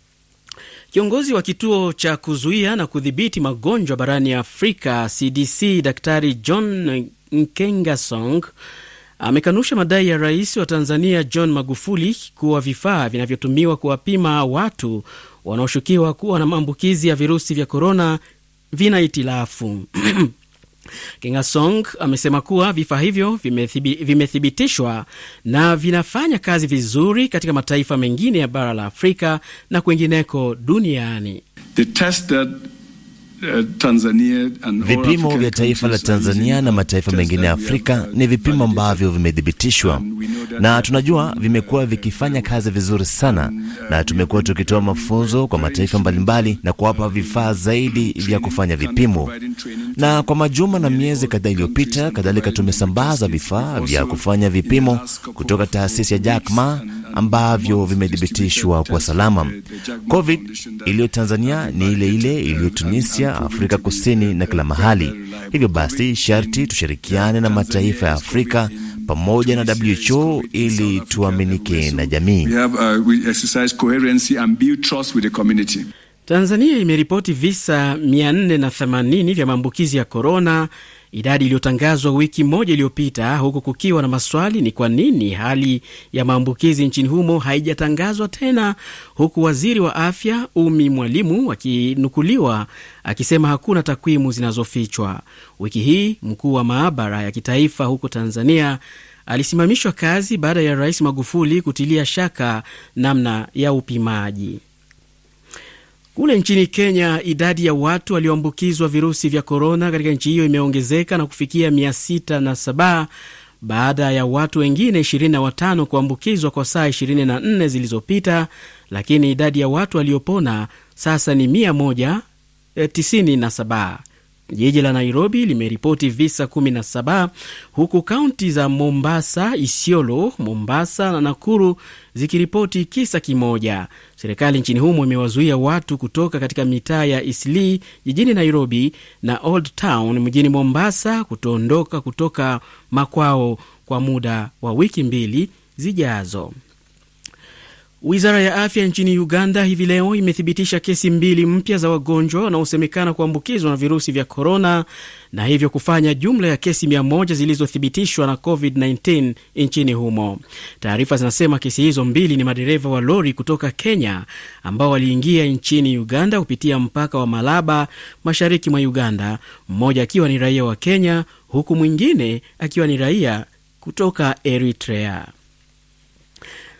Kiongozi wa kituo cha kuzuia na kudhibiti magonjwa barani Afrika CDC, Daktari John Nkengasong amekanusha madai ya rais wa Tanzania John Magufuli kuwa vifaa vinavyotumiwa kuwapima watu wanaoshukiwa kuwa na maambukizi ya virusi vya korona vina itilafu Kingasong amesema kuwa vifaa hivyo vimethibitishwa na vinafanya kazi vizuri katika mataifa mengine ya bara la Afrika na kwingineko duniani. The Eh, vipimo vya taifa la Tanzania na mataifa mengine ya Afrika ni vipimo ambavyo vimethibitishwa na tunajua vimekuwa vikifanya uh, kazi vizuri sana, na tumekuwa tukitoa mafunzo kwa mataifa mbalimbali na kuwapa vifaa zaidi vya kufanya vipimo. Na kwa majuma na miezi kadhaa iliyopita, kadhalika tumesambaza vifaa vya kufanya vipimo kutoka taasisi ya Jack Ma ambavyo vimethibitishwa kwa salama. COVID iliyo Tanzania ni ile ile iliyo Tunisia, Afrika Kusini na kila mahali. Hivyo basi, sharti tushirikiane na mataifa ya Afrika pamoja na WHO ili tuaminike na jamii. Uh, Tanzania imeripoti visa 480 vya maambukizi ya korona idadi iliyotangazwa wiki moja iliyopita, huku kukiwa na maswali ni kwa nini hali ya maambukizi nchini humo haijatangazwa tena, huku waziri wa afya Umi Mwalimu akinukuliwa akisema hakuna takwimu zinazofichwa. Wiki hii mkuu wa maabara ya kitaifa huko Tanzania alisimamishwa kazi baada ya Rais Magufuli kutilia shaka namna ya upimaji. Kule nchini Kenya, idadi ya watu walioambukizwa virusi vya korona katika nchi hiyo imeongezeka na kufikia 607 baada ya watu wengine 25 kuambukizwa kwa saa 24 zilizopita, lakini idadi ya watu waliopona sasa ni 197. Jiji la Nairobi limeripoti visa 17 huku kaunti za Mombasa, Isiolo, Mombasa na Nakuru zikiripoti kisa kimoja. Serikali nchini humo imewazuia watu kutoka katika mitaa ya isli jijini Nairobi na Old Town mjini Mombasa kutoondoka kutoka makwao kwa muda wa wiki mbili zijazo. Wizara ya afya nchini Uganda hivi leo imethibitisha kesi mbili mpya za wagonjwa wanaosemekana kuambukizwa na virusi vya korona na hivyo kufanya jumla ya kesi 100 zilizothibitishwa na COVID-19 nchini humo. Taarifa zinasema kesi hizo mbili ni madereva wa lori kutoka Kenya ambao waliingia nchini Uganda kupitia mpaka wa Malaba, mashariki mwa Uganda, mmoja akiwa ni raia wa Kenya huku mwingine akiwa ni raia kutoka Eritrea.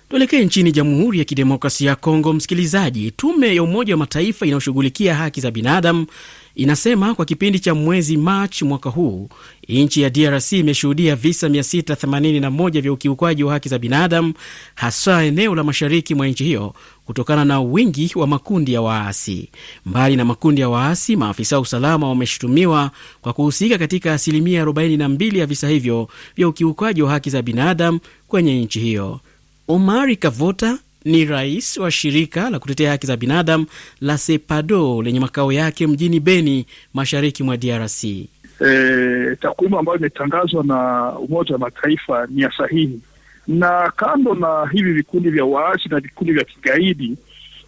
Tuelekee nchini Jamhuri ya Kidemokrasia ya Kongo, msikilizaji. Tume ya Umoja wa Mataifa inayoshughulikia haki za binadamu inasema kwa kipindi cha mwezi Machi mwaka huu nchi ya DRC imeshuhudia visa 681 vya ukiukwaji wa haki za binadamu, hasa eneo la mashariki mwa nchi hiyo kutokana na wingi wa makundi ya waasi. Mbali na makundi ya waasi, maafisa wa usalama wameshutumiwa kwa kuhusika katika asilimia 42 ya visa hivyo vya ukiukwaji wa haki za binadamu kwenye nchi hiyo. Omari Kavota ni rais wa shirika la kutetea haki za binadamu la Sepado lenye makao yake mjini Beni, mashariki mwa DRC. E, takwimu ambayo imetangazwa na Umoja wa Mataifa ni ya sahihi, na kando na hivi vikundi vya waasi na vikundi vya kigaidi,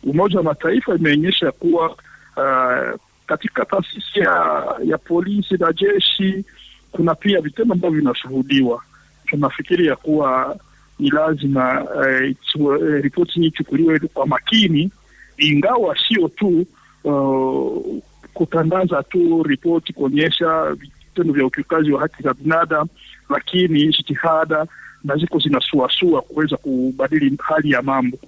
Umoja wa Mataifa imeonyesha kuwa uh, katika taasisi ya, ya polisi na jeshi kuna pia vitendo ambavyo vinashuhudiwa. Tunafikiri ya kuwa ni lazima uh, ripoti hii ichukuliwe kwa makini, ingawa sio tu uh, oh, kutangaza tu ripoti kuonyesha vitendo vya ukiukaji wa haki za binadamu, lakini jitihada na ziko zinasuasua kuweza kubadili hali ya mambo.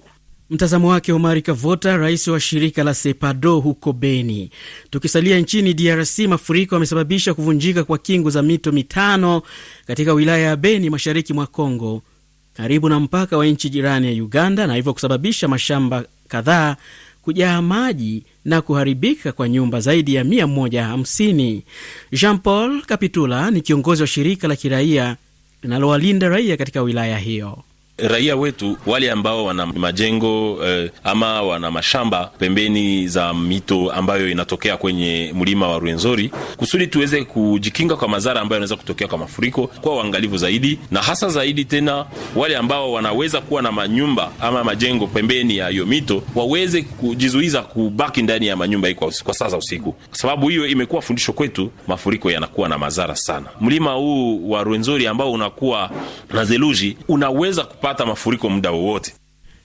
Mtazamo wake Omari Kavota, rais wa shirika la SEPADO huko Beni. Tukisalia nchini DRC, mafuriko yamesababisha kuvunjika kwa kingo za mito mitano katika wilaya ya Beni, mashariki mwa congo karibu na mpaka wa nchi jirani ya Uganda na hivyo kusababisha mashamba kadhaa kujaa maji na kuharibika kwa nyumba zaidi ya 150. Jean Paul Kapitula ni kiongozi wa shirika la kiraia linalowalinda raia katika wilaya hiyo raia wetu wale ambao wana majengo eh, ama wana mashamba pembeni za mito ambayo inatokea kwenye mlima wa Ruenzori, kusudi tuweze kujikinga kwa madhara ambayo yanaweza kutokea kwa mafuriko, kwa uangalifu zaidi, na hasa zaidi tena wale ambao wanaweza kuwa na manyumba ama majengo pembeni ya hiyo mito waweze kujizuiza kubaki ndani ya manyumba hii kwa, kwa saa za usiku, kwa sababu hiyo imekuwa fundisho kwetu. Mafuriko yanakuwa na madhara sana. Mlima huu wa Ruenzori ambao unakuwa na zeluji unaweza kupa kupata mafuriko muda wowote.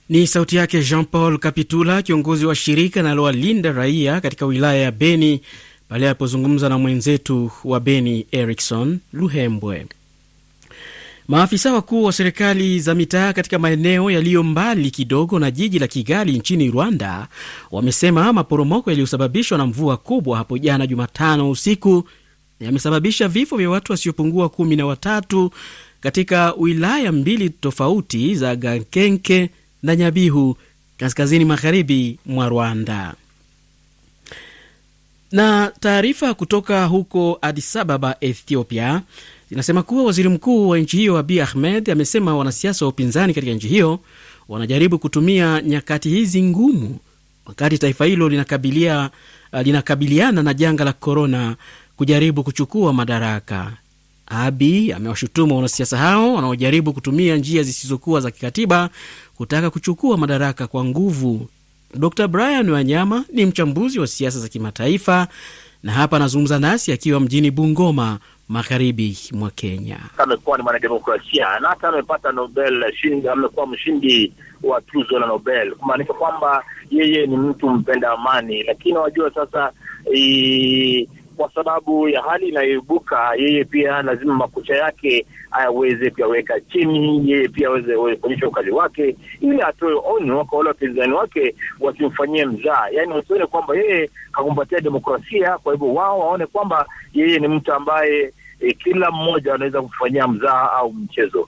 Ni sauti yake Jean Paul Kapitula, kiongozi wa shirika linalowalinda raia katika wilaya ya Beni, pale alipozungumza na mwenzetu wa Beni Erikson Luhembwe. Maafisa wakuu wa serikali za mitaa katika maeneo yaliyo mbali kidogo na jiji la Kigali nchini Rwanda wamesema maporomoko yaliyosababishwa na mvua kubwa hapo jana Jumatano usiku yamesababisha vifo vya watu wasiopungua kumi na watatu katika wilaya mbili tofauti za Gankenke na Nyabihu kaskazini magharibi mwa Rwanda. Na taarifa kutoka huko Addis Ababa, Ethiopia zinasema kuwa waziri mkuu wa nchi hiyo Abiy Ahmed amesema wanasiasa wa upinzani katika nchi hiyo wanajaribu kutumia nyakati hizi ngumu, wakati taifa hilo linakabilia, linakabiliana na janga la korona, kujaribu kuchukua madaraka. Abi amewashutumu wanasiasa hao wanaojaribu kutumia njia zisizokuwa za kikatiba kutaka kuchukua madaraka kwa nguvu. Dr Brian Wanyama ni mchambuzi wa siasa za kimataifa na hapa anazungumza nasi akiwa mjini Bungoma, magharibi mwa Kenya. Amekuwa ni mwanademokrasia na hata amepata Nobel, amekuwa mshindi wa tuzo la Nobel, kumaanisha kwamba yeye ni mtu mpenda amani, lakini wajua sasa kwa sababu ya hali inayoibuka, yeye pia lazima makucha yake aweze kuyaweka chini, yeye pia aweze kuonyesha ukali wake, ili atoe onyo kwa wale wapinzani wake wasimfanyie mzaa, yaani wasione kwamba yeye hakumpatia demokrasia, kwa hivyo wao waone kwamba yeye ni mtu ambaye e, kila mmoja anaweza kumfanyia mzaa au mchezo.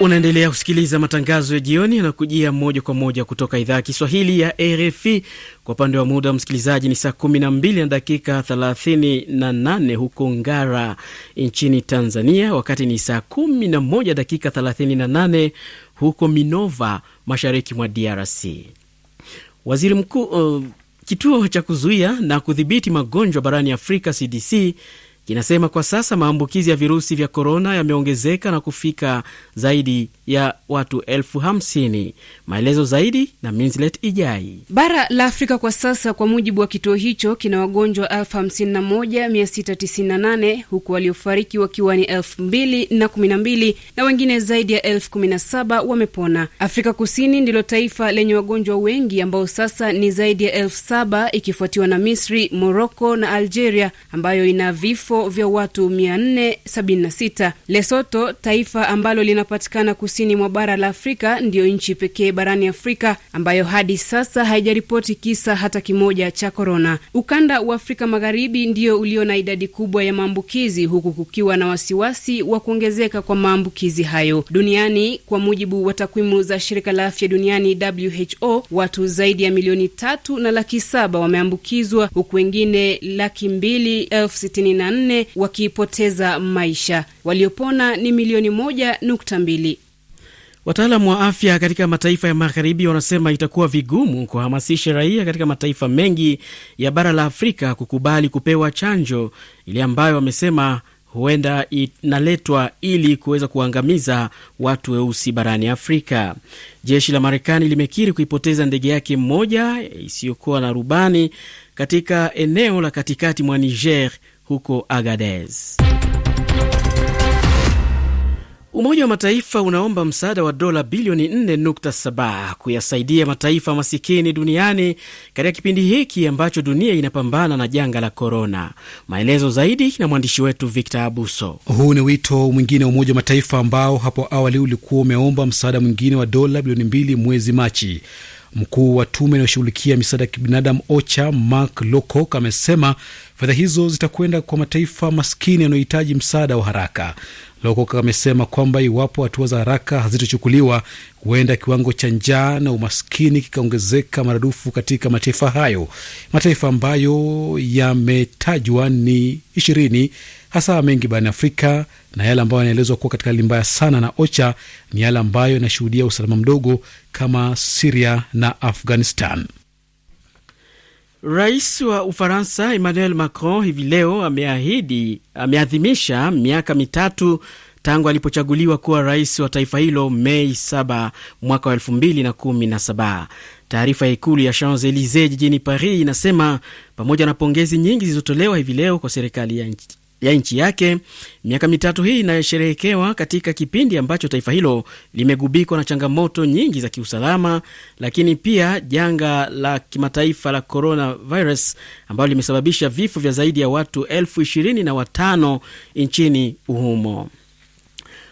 Unaendelea kusikiliza matangazo ya jioni yanakujia moja kwa moja kutoka idhaa ya Kiswahili ya RFI. Kwa upande wa muda, wa msikilizaji, ni saa 12 na dakika 38 huko Ngara nchini Tanzania, wakati ni saa 11 dakika 38 huko Minova, mashariki mwa DRC. Waziri mkuu uh, kituo cha kuzuia na kudhibiti magonjwa barani Afrika CDC kinasema kwa sasa maambukizi ya virusi vya korona yameongezeka na kufika zaidi ya watu elfu hamsini. Maelezo zaidi na Minslet Ijai. Bara la Afrika kwa sasa, kwa mujibu wa kituo hicho, kina wagonjwa elfu hamsini na moja mia sita tisini na nane huku waliofariki wakiwa ni elfu mbili na kumi na mbili na wengine zaidi ya elfu kumi na saba wamepona. Afrika Kusini ndilo taifa lenye wagonjwa wengi ambao sasa ni zaidi ya elfu saba ikifuatiwa na Misri, Moroko na Algeria ambayo ina vifo vya watu 476. Lesoto, taifa ambalo linapatikana kusini mwa bara la Afrika, ndiyo nchi pekee barani Afrika ambayo hadi sasa haijaripoti kisa hata kimoja cha korona. Ukanda wa Afrika Magharibi ndiyo ulio na idadi kubwa ya maambukizi, huku kukiwa na wasiwasi wa kuongezeka kwa maambukizi hayo duniani. Kwa mujibu wa takwimu za shirika la afya duniani WHO, watu zaidi ya milioni tatu na laki saba wameambukizwa huku wengine laki mbili elfu sitini na nne nne wakipoteza maisha. Waliopona ni milioni moja nukta mbili. Wataalamu wa afya katika mataifa ya magharibi wanasema itakuwa vigumu kuhamasisha raia katika mataifa mengi ya bara la Afrika kukubali kupewa chanjo ile ambayo wamesema huenda inaletwa ili kuweza kuangamiza watu weusi barani Afrika. Jeshi la Marekani limekiri kuipoteza ndege yake mmoja isiyokuwa na rubani katika eneo la katikati mwa Niger huko Agadez. Umoja wa Mataifa unaomba msaada wa dola bilioni 4.7 kuyasaidia mataifa masikini duniani katika kipindi hiki ambacho dunia inapambana na janga la korona. Maelezo zaidi na mwandishi wetu Victor Abuso. Huu ni wito mwingine wa Umoja wa Mataifa ambao hapo awali ulikuwa umeomba msaada mwingine wa dola bilioni 2 mwezi Machi. Mkuu wa tume inayoshughulikia misaada ya kibinadamu OCHA, Mark Lowcock, amesema fedha hizo zitakwenda kwa mataifa maskini yanayohitaji msaada wa haraka. Lowcock amesema kwamba iwapo hatua za haraka hazitochukuliwa, huenda kiwango cha njaa na umaskini kikaongezeka maradufu katika mataifa hayo. Mataifa ambayo yametajwa ni ishirini hasa mengi barani Afrika, na yale ambayo yanaelezwa kuwa katika hali mbaya sana na OCHA ni yale ambayo yanashuhudia usalama mdogo kama Siria na Afghanistan. Rais wa Ufaransa Emmanuel Macron hivi leo ameahidi ameadhimisha miaka mitatu tangu alipochaguliwa kuwa rais wa taifa hilo Mei 7 mwaka wa 2017. Taarifa ya ikulu ya Champs Elysees jijini Paris inasema pamoja na pongezi nyingi zilizotolewa hivi leo kwa serikali ya nchi ya nchi yake. Miaka mitatu hii inayosherehekewa katika kipindi ambacho taifa hilo limegubikwa na changamoto nyingi za kiusalama, lakini pia janga la kimataifa la coronavirus ambalo limesababisha vifo vya zaidi ya watu elfu ishirini na watano nchini humo.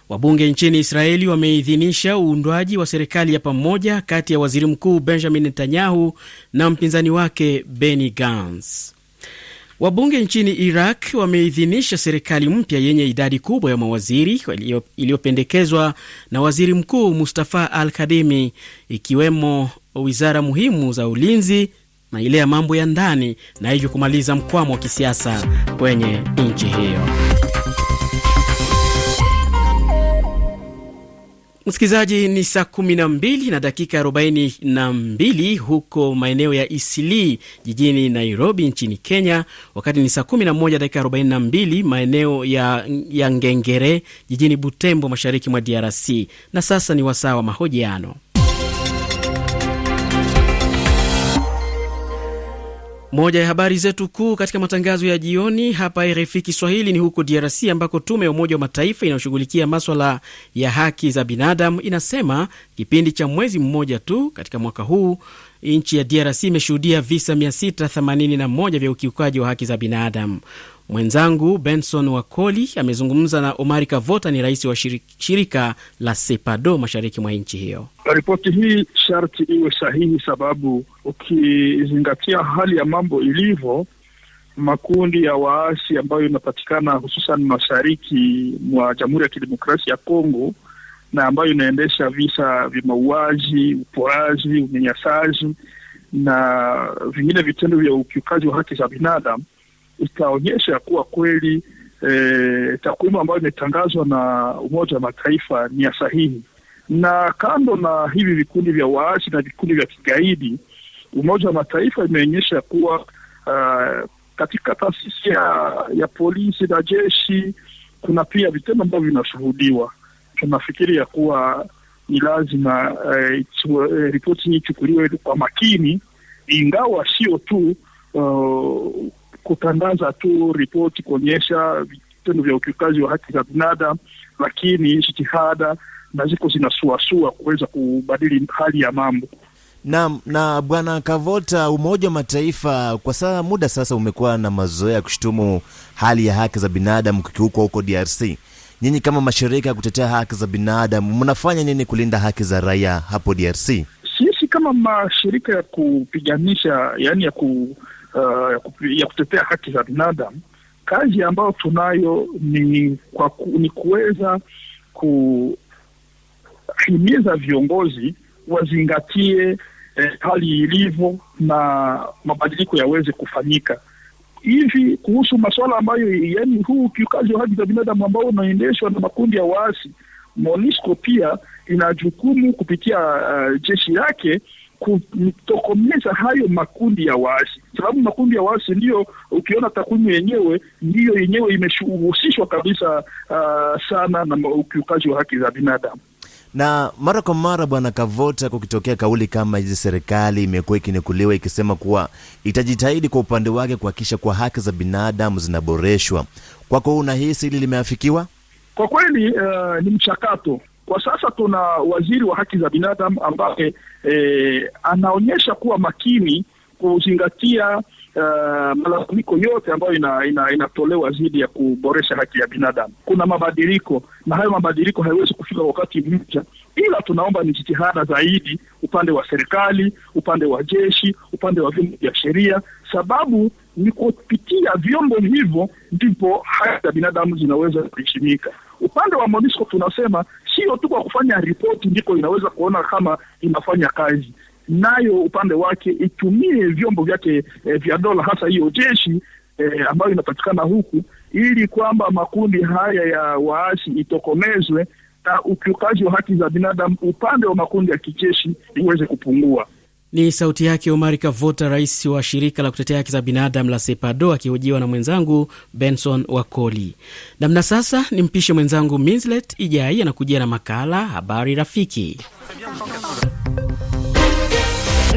Wabunge nchini Israeli wameidhinisha uundwaji wa serikali ya pamoja kati ya waziri mkuu Benjamin Netanyahu na mpinzani wake Benny Gantz. Wabunge nchini Iraq wameidhinisha serikali mpya yenye idadi kubwa ya mawaziri iliyopendekezwa na waziri mkuu Mustafa Al Kadhimi, ikiwemo wizara muhimu za ulinzi na ile ya mambo ya ndani, na hivyo kumaliza mkwamo wa kisiasa kwenye nchi hiyo. Msikilizaji, ni saa kumi na mbili na dakika arobaini na mbili huko maeneo ya Isili jijini Nairobi nchini Kenya, wakati ni saa kumi na moja dakika arobaini na mbili maeneo ya, ya Ngengere jijini Butembo mashariki mwa DRC. Na sasa ni wasaa wa mahojiano. Moja ya habari zetu kuu katika matangazo ya jioni hapa RFI Kiswahili ni huko DRC ambako tume ya Umoja wa Mataifa inayoshughulikia maswala ya haki za binadamu inasema kipindi cha mwezi mmoja tu katika mwaka huu nchi ya DRC imeshuhudia visa 681 vya ukiukaji wa haki za binadamu. Mwenzangu Benson Wakoli amezungumza na Omari Kavota, ni rais wa shirika la SEPADO mashariki mwa nchi hiyo. Ripoti hii sharti iwe sahihi, sababu ukizingatia hali ya mambo ilivyo, makundi ya waasi ambayo inapatikana hususan mashariki mwa Jamhuri ya Kidemokrasia ya Kongo na ambayo inaendesha visa vya mauaji, uporaji, unyanyasaji na vingine vitendo vya ukiukaji wa haki za binadamu itaonyesha kuwa kweli e, takwimu ambayo imetangazwa na Umoja wa Mataifa ni ya sahihi. Na kando na hivi vikundi vya waasi na vikundi vya kigaidi, Umoja wa Mataifa imeonyesha kuwa uh, katika taasisi ya, ya polisi na jeshi kuna pia vitendo ambavyo vinashuhudiwa. Tunafikiri ya kuwa ni lazima uh, uh, ripoti hii ichukuliwe kwa makini, ingawa sio tu uh, kutangaza tu ripoti kuonyesha vitendo vya ukiukaji wa haki za binadamu, lakini jitihada na ziko zinasuasua kuweza kubadili hali ya mambo. Na, Na bwana Kavota, Umoja wa Mataifa kwa saa muda sasa umekuwa na mazoea ya kushutumu hali ya haki za binadamu kukiukwa huko DRC. Nyinyi kama mashirika ya kutetea haki za binadamu mnafanya nini kulinda haki za raia hapo DRC? Sisi kama mashirika ya kupiganisha, yani ya ku uh, ya kutetea haki za binadamu, kazi ambayo tunayo ni, kwa ku, ni kuweza kuhimiza viongozi wazingatie eh, hali ilivyo na mabadiliko yaweze kufanyika hivi kuhusu masuala ambayo yani, huu ukiukaji wa haki za binadamu ambao unaendeshwa na makundi ya waasi, MONUSCO pia ina jukumu kupitia uh, jeshi lake kutokomeza hayo makundi ya waasi, sababu makundi ya waasi ndiyo, ukiona takwimu yenyewe ndiyo yenyewe imehusishwa kabisa uh, sana na ukiukaji wa haki za binadamu na mara kwa mara bwana Kavota, kukitokea kauli kama hizi, serikali imekuwa ikinukuliwa ikisema kuwa itajitahidi kwa upande wake kuhakikisha kuwa haki za binadamu zinaboreshwa. Kwako unahisi hili limeafikiwa? Kwa kweli, uh, ni mchakato. Kwa sasa tuna waziri wa haki za binadamu ambaye eh, anaonyesha kuwa makini kuzingatia Uh, malalamiko yote ambayo ina, ina, inatolewa dhidi ya kuboresha haki ya binadamu. Kuna mabadiliko na hayo mabadiliko haiwezi kufika wakati mmoja, ila tunaomba ni jitihada zaidi upande wa serikali, upande wa jeshi, upande wa vyombo vya sheria, sababu ni kupitia vyombo hivyo ndipo haki za binadamu zinaweza kuheshimika. Upande wa MONUSCO tunasema sio tu kwa kufanya ripoti ndiko inaweza kuona kama inafanya kazi nayo upande wake itumie vyombo vyake e, vya dola hasa hiyo jeshi e, ambayo inapatikana huku ili kwamba makundi haya ya waasi itokomezwe na ukiukaji wa haki za binadamu upande wa makundi ya kijeshi iweze kupungua. Ni sauti yake Omar Kavota, rais wa shirika la kutetea haki za binadamu la SEPADO, akihojiwa na mwenzangu Benson Wakoli. Namna sasa ni mpishe mwenzangu Minslet Ijai anakujia na makala Habari Rafiki.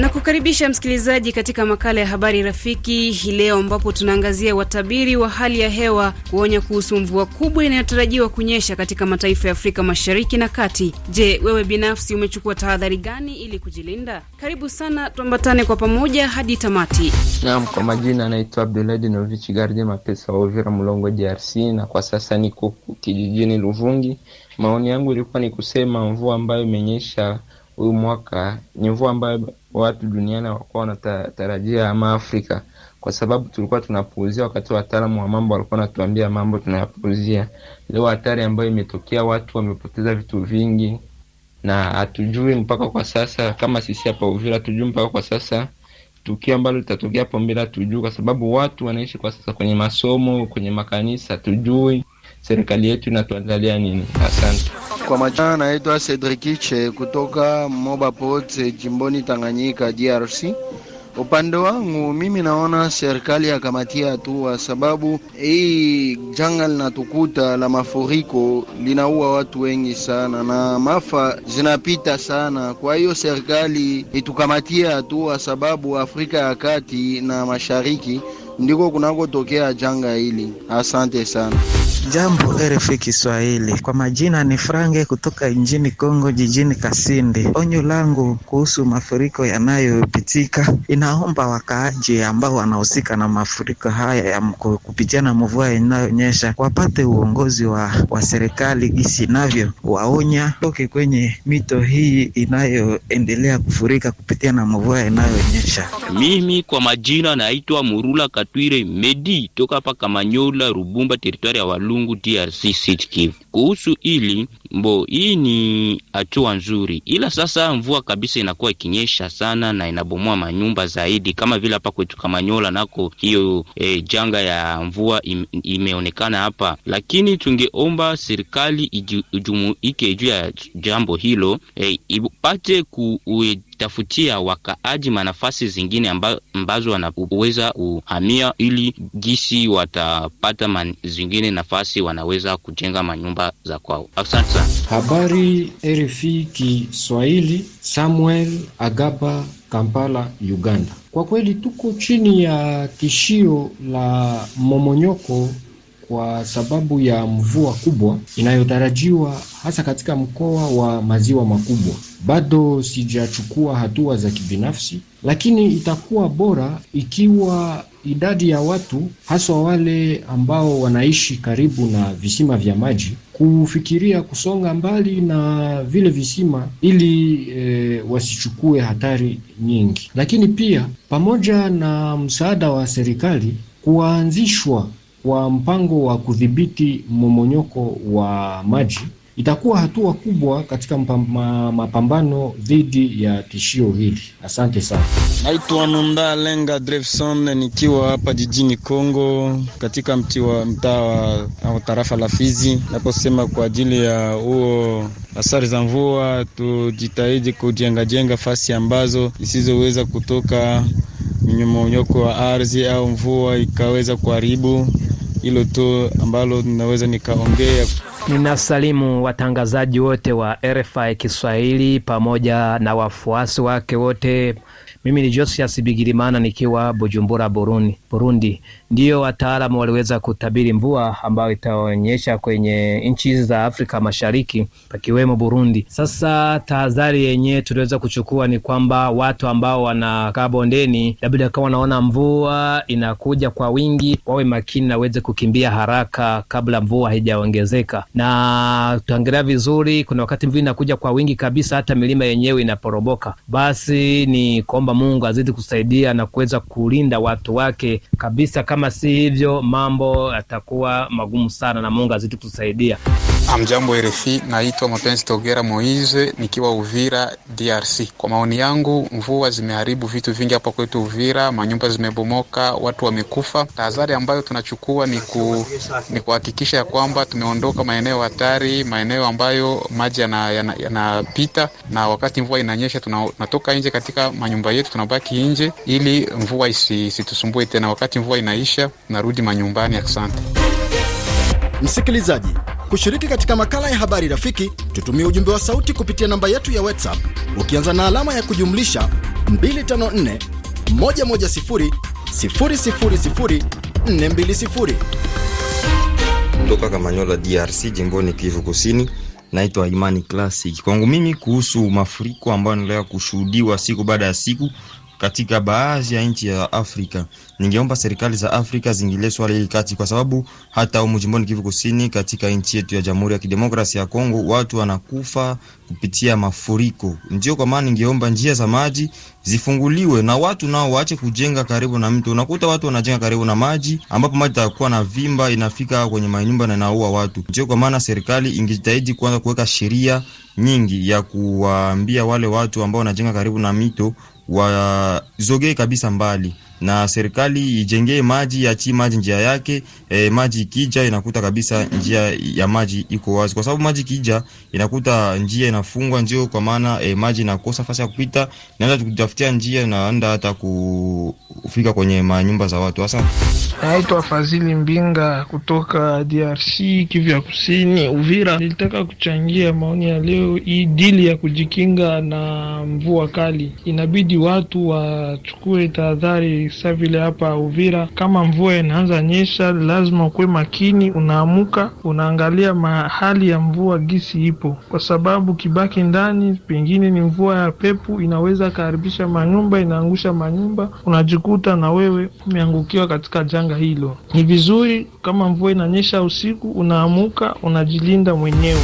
Nakukaribisha msikilizaji katika makala ya habari rafiki hii leo, ambapo tunaangazia watabiri wa hali ya hewa kuonya kuhusu mvua kubwa inayotarajiwa kunyesha katika mataifa ya Afrika Mashariki na Kati. Je, wewe binafsi umechukua tahadhari gani ili kujilinda? Karibu sana, tuambatane kwa pamoja hadi tamati. nam kwa majina anaitwa Abduladi Novich Garde Mapesa wa Uvira Mlongo, jrc na kwa sasa niko kijijini Luvungi. Maoni yangu ilikuwa ni kusema mvua ambayo imenyesha huyu mwaka ni mvua ambayo watu duniani walikuwa wanatarajia ama Afrika, kwa sababu tulikuwa tunapuuzia wakati wataalamu wa mambo walikuwa wanatuambia mambo tunayapuuzia. Leo hatari ambayo imetokea, watu wamepoteza vitu vingi na hatujui mpaka kwa sasa, kama sisi hapa Uvira hatujui mpaka kwa sasa tukio ambalo litatokea hapo mbele, hatujui kwa sababu watu wanaishi kwa sasa kwenye masomo, kwenye makanisa, hatujui serikali yetu inatuandalia nini? Asante. Kwa majina naitwa Cedrikiche kutoka Moba Port, jimboni Tanganyika, DRC. Upande wangu mimi naona serikali yakamatia hatua, sababu hii janga linatukuta la mafuriko linaua watu wengi sana na mafa zinapita sana. Kwa hiyo serikali itukamatia hatua, sababu Afrika ya kati na mashariki ndiko kunakotokea janga hili. Asante sana. Jambo RFI Kiswahili, kwa majina ni Frange kutoka nchini Kongo, jijini Kasindi. Onyo langu kuhusu mafuriko yanayopitika, inaomba wakaaji ambao wanahusika na mafuriko haya ya kupitia na mvua inayonyesha wapate uongozi wa, wa serikali isi navyo waonya toke kwenye mito hii inayoendelea kufurika kupitia na mvua inayonyesha. Mimi kwa majina naitwa Murula Kat Twire Medi toka hapa Kamanyola, Rubumba, teritwari ya Walungu, DRC, Sud Kivu. Kuhusu ili mbo, hii ni hatua nzuri, ila sasa mvua kabisa inakuwa ikinyesha sana na inabomoa manyumba zaidi, kama vile hapa kwetu Kamanyola nako hiyo e, janga ya mvua im, imeonekana hapa, lakini tungeomba serikali ijumuike juu ya jambo hilo e, ipate kuwe kujitafutia wakaaji manafasi zingine amba, ambazo wanaweza kuhamia ili gisi watapata man, zingine nafasi wanaweza kujenga manyumba za kwao. Asante sana. Habari RFI Kiswahili, Samuel Agaba, Kampala, Uganda. Kwa kweli tuko chini ya tishio la momonyoko kwa sababu ya mvua kubwa inayotarajiwa hasa katika mkoa wa maziwa makubwa. Bado sijachukua hatua za kibinafsi, lakini itakuwa bora ikiwa idadi ya watu haswa wale ambao wanaishi karibu na visima vya maji kufikiria kusonga mbali na vile visima ili e, wasichukue hatari nyingi, lakini pia pamoja na msaada wa serikali kuanzishwa kwa mpango wa kudhibiti mmomonyoko wa maji itakuwa hatua kubwa katika mapambano dhidi ya tishio hili. Asante sana. Naitwa Nunda Lenga Drefson, nikiwa hapa jijini Kongo katika mti wa mtaa wa tarafa la Fizi. Naposema kwa ajili ya huo athari za mvua, tujitahidi kujengajenga fasi ambazo isizoweza kutoka mnyomonyoko wa ardhi au mvua ikaweza kuharibu. Hilo tu ambalo ninaweza nikaongea. Ninasalimu watangazaji wote wa RFI Kiswahili pamoja na wafuasi wake wote. Mimi ni Josias Bigirimana nikiwa Bujumbura, Burundi. Burundi ndiyo wataalamu waliweza kutabiri mvua ambayo itaonyesha kwenye nchi hizi za Afrika Mashariki pakiwemo Burundi. Sasa tahadhari yenyewe tuliweza kuchukua ni kwamba watu ambao wanakaa bondeni, labda kama wanaona mvua inakuja kwa wingi, wawe makini na waweze kukimbia haraka kabla mvua haijaongezeka. Na tutaangalia vizuri, kuna wakati mvua inakuja kwa wingi kabisa, hata milima yenyewe inaporoboka Basi ni kuomba Mungu azidi kusaidia na kuweza kulinda watu wake kabisa kama kama si hivyo, mambo yatakuwa magumu sana na Mungu azidi kutusaidia. Amjambo RFI, naitwa Mapenzi Togera Moise nikiwa Uvira, DRC. Kwa maoni yangu, mvua zimeharibu vitu vingi hapa kwetu Uvira, manyumba zimebomoka, watu wamekufa. Tahadhari ambayo tunachukua ni, ku, ni kuhakikisha ya kwamba tumeondoka maeneo hatari, maeneo ambayo maji yanapita, na wakati mvua inanyesha tunatoka nje katika manyumba yetu, tunabaki nje ili mvua isitusumbue isi tena. Wakati mvua inaisha tunarudi manyumbani. Asante msikilizaji. Kushiriki katika makala ya habari rafiki, tutumie ujumbe wa sauti kupitia namba yetu ya WhatsApp ukianza na alama ya kujumlisha 254 110 000 420. Kutoka Kamanyola, DRC, jimboni Kivu Kusini. Naitwa Imani Classic. Kwangu mimi, kuhusu mafuriko ambayo yanaendelea kushuhudiwa siku baada ya siku katika baadhi ya nchi ya Afrika. Ningeomba serikali za Afrika zingilie swala hili kati, kwa sababu hata humu jimboni Kivu Kusini, katika nchi yetu ya Jamhuri ya Kidemokrasia ya Kongo, watu wanakufa kupitia mafuriko. Ndio kwa maana ningeomba njia za maji zifunguliwe na watu nao waache kujenga karibu na mto. Unakuta watu wanajenga karibu na maji, ambapo maji itakuwa na vimba inafika kwenye manyumba na inaua watu. Ndio kwa maana serikali ingejitahidi kwanza kuweka sheria nyingi ya kuwaambia wale watu ambao wanajenga karibu na mito wazogee kabisa mbali na serikali ijengee maji, achii maji njia yake. E, maji ikija inakuta kabisa njia ya maji iko wazi, kwa sababu maji ikija inakuta njia inafungwa, njio kwa maana e, maji inakosa fasi ya kupita, naenda kutafutia njia naenda hata kufika kwenye manyumba za watu. Hasa naitwa Fazili Mbinga kutoka DRC, Kivu ya Kusini, Uvira. Nilitaka kuchangia maoni ya leo. Hii dili ya kujikinga na mvua kali, inabidi watu wachukue tahadhari sa vile hapa Uvira, kama mvua inaanza nyesha, lazima ukuwe makini, unaamuka unaangalia mahali ya mvua gisi ipo, kwa sababu kibaki ndani, pengine ni mvua ya pepu, inaweza kaharibisha manyumba, inaangusha manyumba, unajikuta na wewe umeangukiwa katika janga hilo. Ni vizuri kama mvua inanyesha usiku, unaamuka unajilinda mwenyewe.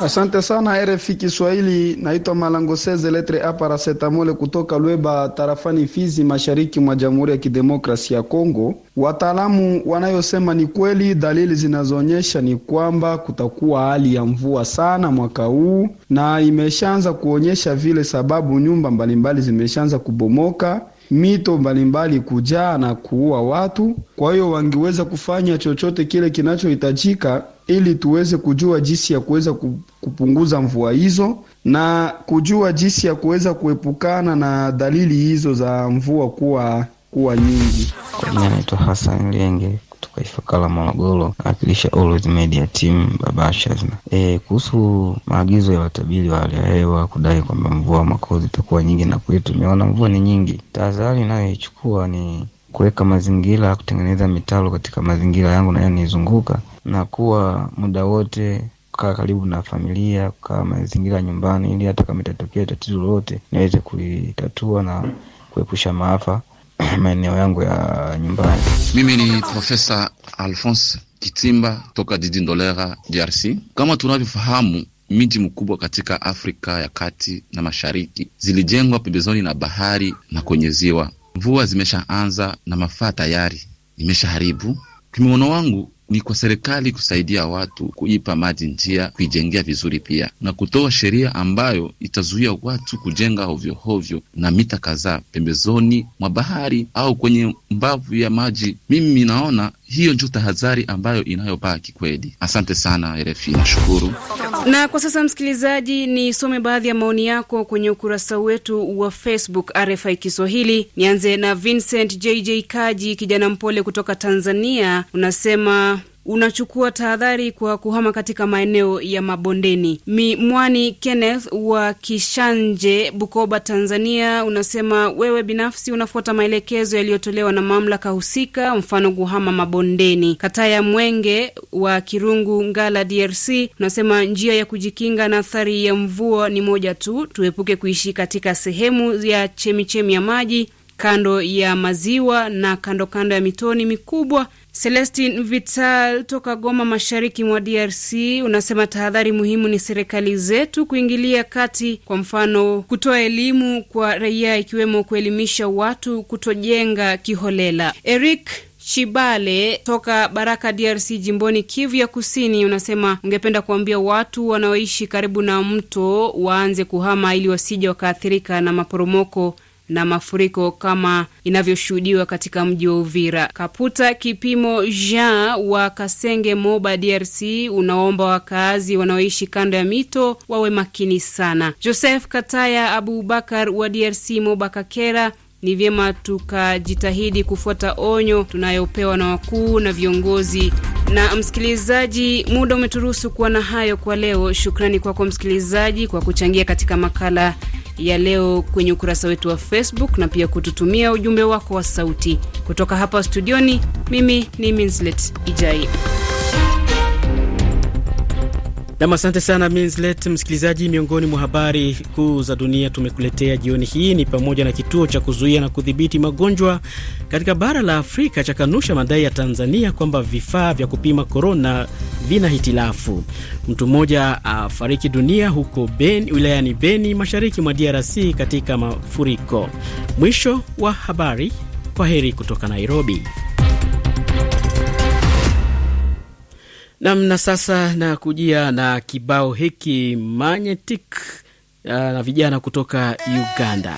Asante sana RFI Kiswahili, naitwa Malango Seze Letre A Paracetamol kutoka Lweba tarafani Fizi, mashariki mwa Jamhuri ya Kidemokrasia ya Kongo. Wataalamu wanayosema ni kweli, dalili zinazoonyesha ni kwamba kutakuwa hali ya mvua sana mwaka huu, na imeshaanza kuonyesha vile, sababu nyumba mbalimbali zimeshaanza kubomoka mito mbalimbali kujaa na kuua watu. Kwa hiyo wangeweza kufanya chochote kile kinachohitajika ili tuweze kujua jinsi ya kuweza kupunguza mvua hizo na kujua jinsi ya kuweza kuepukana na dalili hizo za mvua kuwa kuwa nyingi. Kwa jina naitwa Hassan Lenge kutoka Ifakara, Morogoro, nawakilisha Always Media Team Babashazna. E, kuhusu maagizo ya watabiri wa hali ya hewa kudai kwamba mvua Makozi itakuwa nyingi na kwetu, nimeona mvua ni nyingi. Tahadhari inayoichukua ni kuweka mazingira, kutengeneza mitaro katika mazingira yangu na yanizunguka, na kuwa muda wote kukaa karibu na familia, kukaa mazingira nyumbani, ili hata kama itatokea tatizo lolote niweze kulitatua na kuepusha maafa maeneo yangu ya nyumbani. Mimi ni Profesa Alphonse Kitimba toka jiji Ndolera, DRC. Kama tunavyofahamu miji mkubwa katika Afrika ya kati na mashariki zilijengwa pembezoni na bahari na kwenye ziwa. Mvua zimeshaanza na mafaa tayari imeshaharibu. Kimwono wangu ni kwa serikali kusaidia watu kuipa maji njia, kuijengea vizuri pia na kutoa sheria ambayo itazuia watu kujenga hovyohovyo na mita kadhaa pembezoni mwa bahari au kwenye mbavu ya maji. Mimi naona hiyo ndio tahadhari ambayo inayopaa kikweli. Asante sana RFI, nashukuru. Na kwa sasa, msikilizaji, nisome baadhi ya maoni yako kwenye ukurasa wetu wa Facebook RFI Kiswahili. Nianze na Vincent JJ Kaji, kijana mpole kutoka Tanzania, unasema unachukua tahadhari kwa kuhama katika maeneo ya mabondeni. Mimwani Kenneth wa Kishanje, Bukoba, Tanzania, unasema wewe binafsi unafuata maelekezo yaliyotolewa na mamlaka husika, mfano kuhama mabondeni. Kataya Mwenge wa Kirungu, Ngala, DRC, unasema njia ya kujikinga na athari ya mvua ni moja tu, tuepuke kuishi katika sehemu ya chemichemi ya maji kando ya maziwa na kando kando ya mitoni mikubwa Celestin Vital toka Goma, mashariki mwa DRC, unasema tahadhari muhimu ni serikali zetu kuingilia kati, kwa mfano kutoa elimu kwa raia, ikiwemo kuelimisha watu kutojenga kiholela. Eric Chibale toka Baraka, DRC, jimboni Kivu ya Kusini, unasema ungependa kuambia watu wanaoishi karibu na mto waanze kuhama ili wasije wakaathirika na maporomoko na mafuriko kama inavyoshuhudiwa katika mji wa Uvira. Kaputa Kipimo Jean wa Kasenge, Moba, DRC, unaomba wakaazi wanaoishi kando ya mito wawe makini sana. Joseph Kataya Abubakar wa DRC, Moba, Kakera, ni vyema tukajitahidi kufuata onyo tunayopewa na wakuu na viongozi. Na msikilizaji, muda umeturuhusu kuwa na hayo kwa leo. Shukrani kwako msikilizaji kwa kuchangia katika makala ya leo kwenye ukurasa wetu wa Facebook na pia kututumia ujumbe wako wa sauti kutoka hapa studioni. Mimi ni Minslet Ijai. Nam, asante sana Minslet. Msikilizaji, miongoni mwa habari kuu za dunia tumekuletea jioni hii ni pamoja na kituo cha kuzuia na kudhibiti magonjwa katika bara la Afrika cha kanusha madai ya Tanzania kwamba vifaa vya kupima korona vina hitilafu. Mtu mmoja afariki dunia huko wilayani Beni mashariki mwa DRC katika mafuriko. Mwisho wa habari. Kwa heri kutoka Nairobi. namna sasa na kujia na kibao hiki magnetic na vijana kutoka Uganda.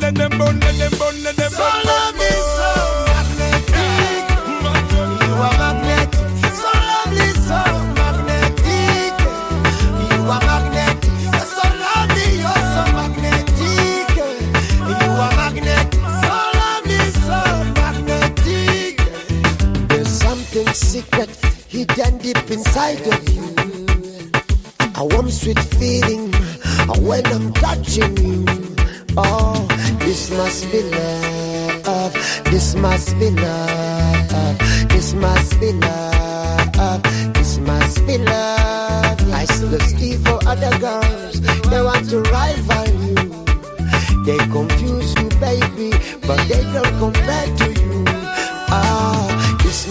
Let them burn, let them burn, let them burn, let them secret hidden deep inside of you. A warm, sweet feeling uh, when I'm touching you. Oh, this must be love. This must be love. This must be love. This must be love. I see for other girls. They want to rival you. They confuse you, baby, but they don't compare to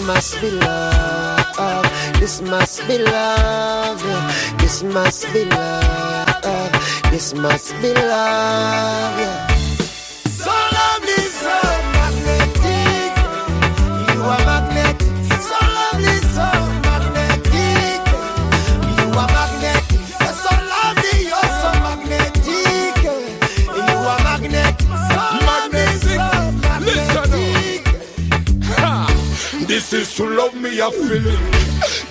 must be love. This must be love. This must be love. This must be love. Yeah. This is to love me a feeling.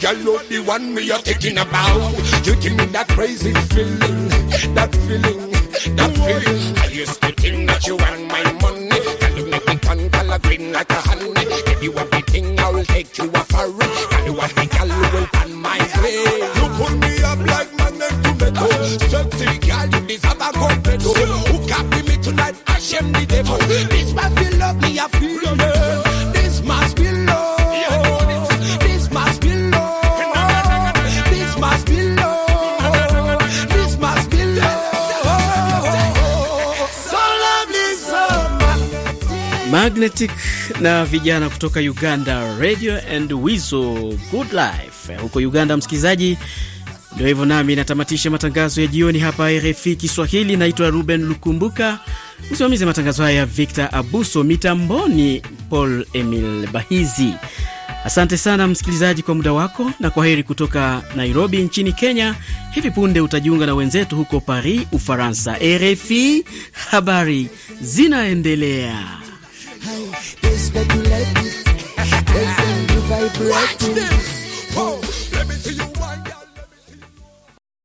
Your love the one me a thinking about. You give me that crazy feeling, that feeling, that feeling. I used to think that you want my money. Can you make me turn color green like a honey? Give you everything, I will take you a reach, Can you want me, girl, you will pan my way. You put me up like magnet tomato. Sexy girl, you deserve a competitor. Who can be me tonight? I shame the devil. This must be Magnetic na vijana kutoka Uganda, Radio and Wizo, Good Life huko Uganda. Msikilizaji, ndio hivyo, nami natamatisha matangazo ya jioni hapa RFI Kiswahili. Naitwa Ruben Lukumbuka, msimamizi matangazo haya Victor Abuso, mitamboni Paul Emil Bahizi. Asante sana msikilizaji kwa muda wako, na kwa heri kutoka Nairobi nchini Kenya. Hivi punde utajiunga na wenzetu huko Paris, Ufaransa. RFI, habari zinaendelea. Hey, this that you let They say you vibrating. Watch this.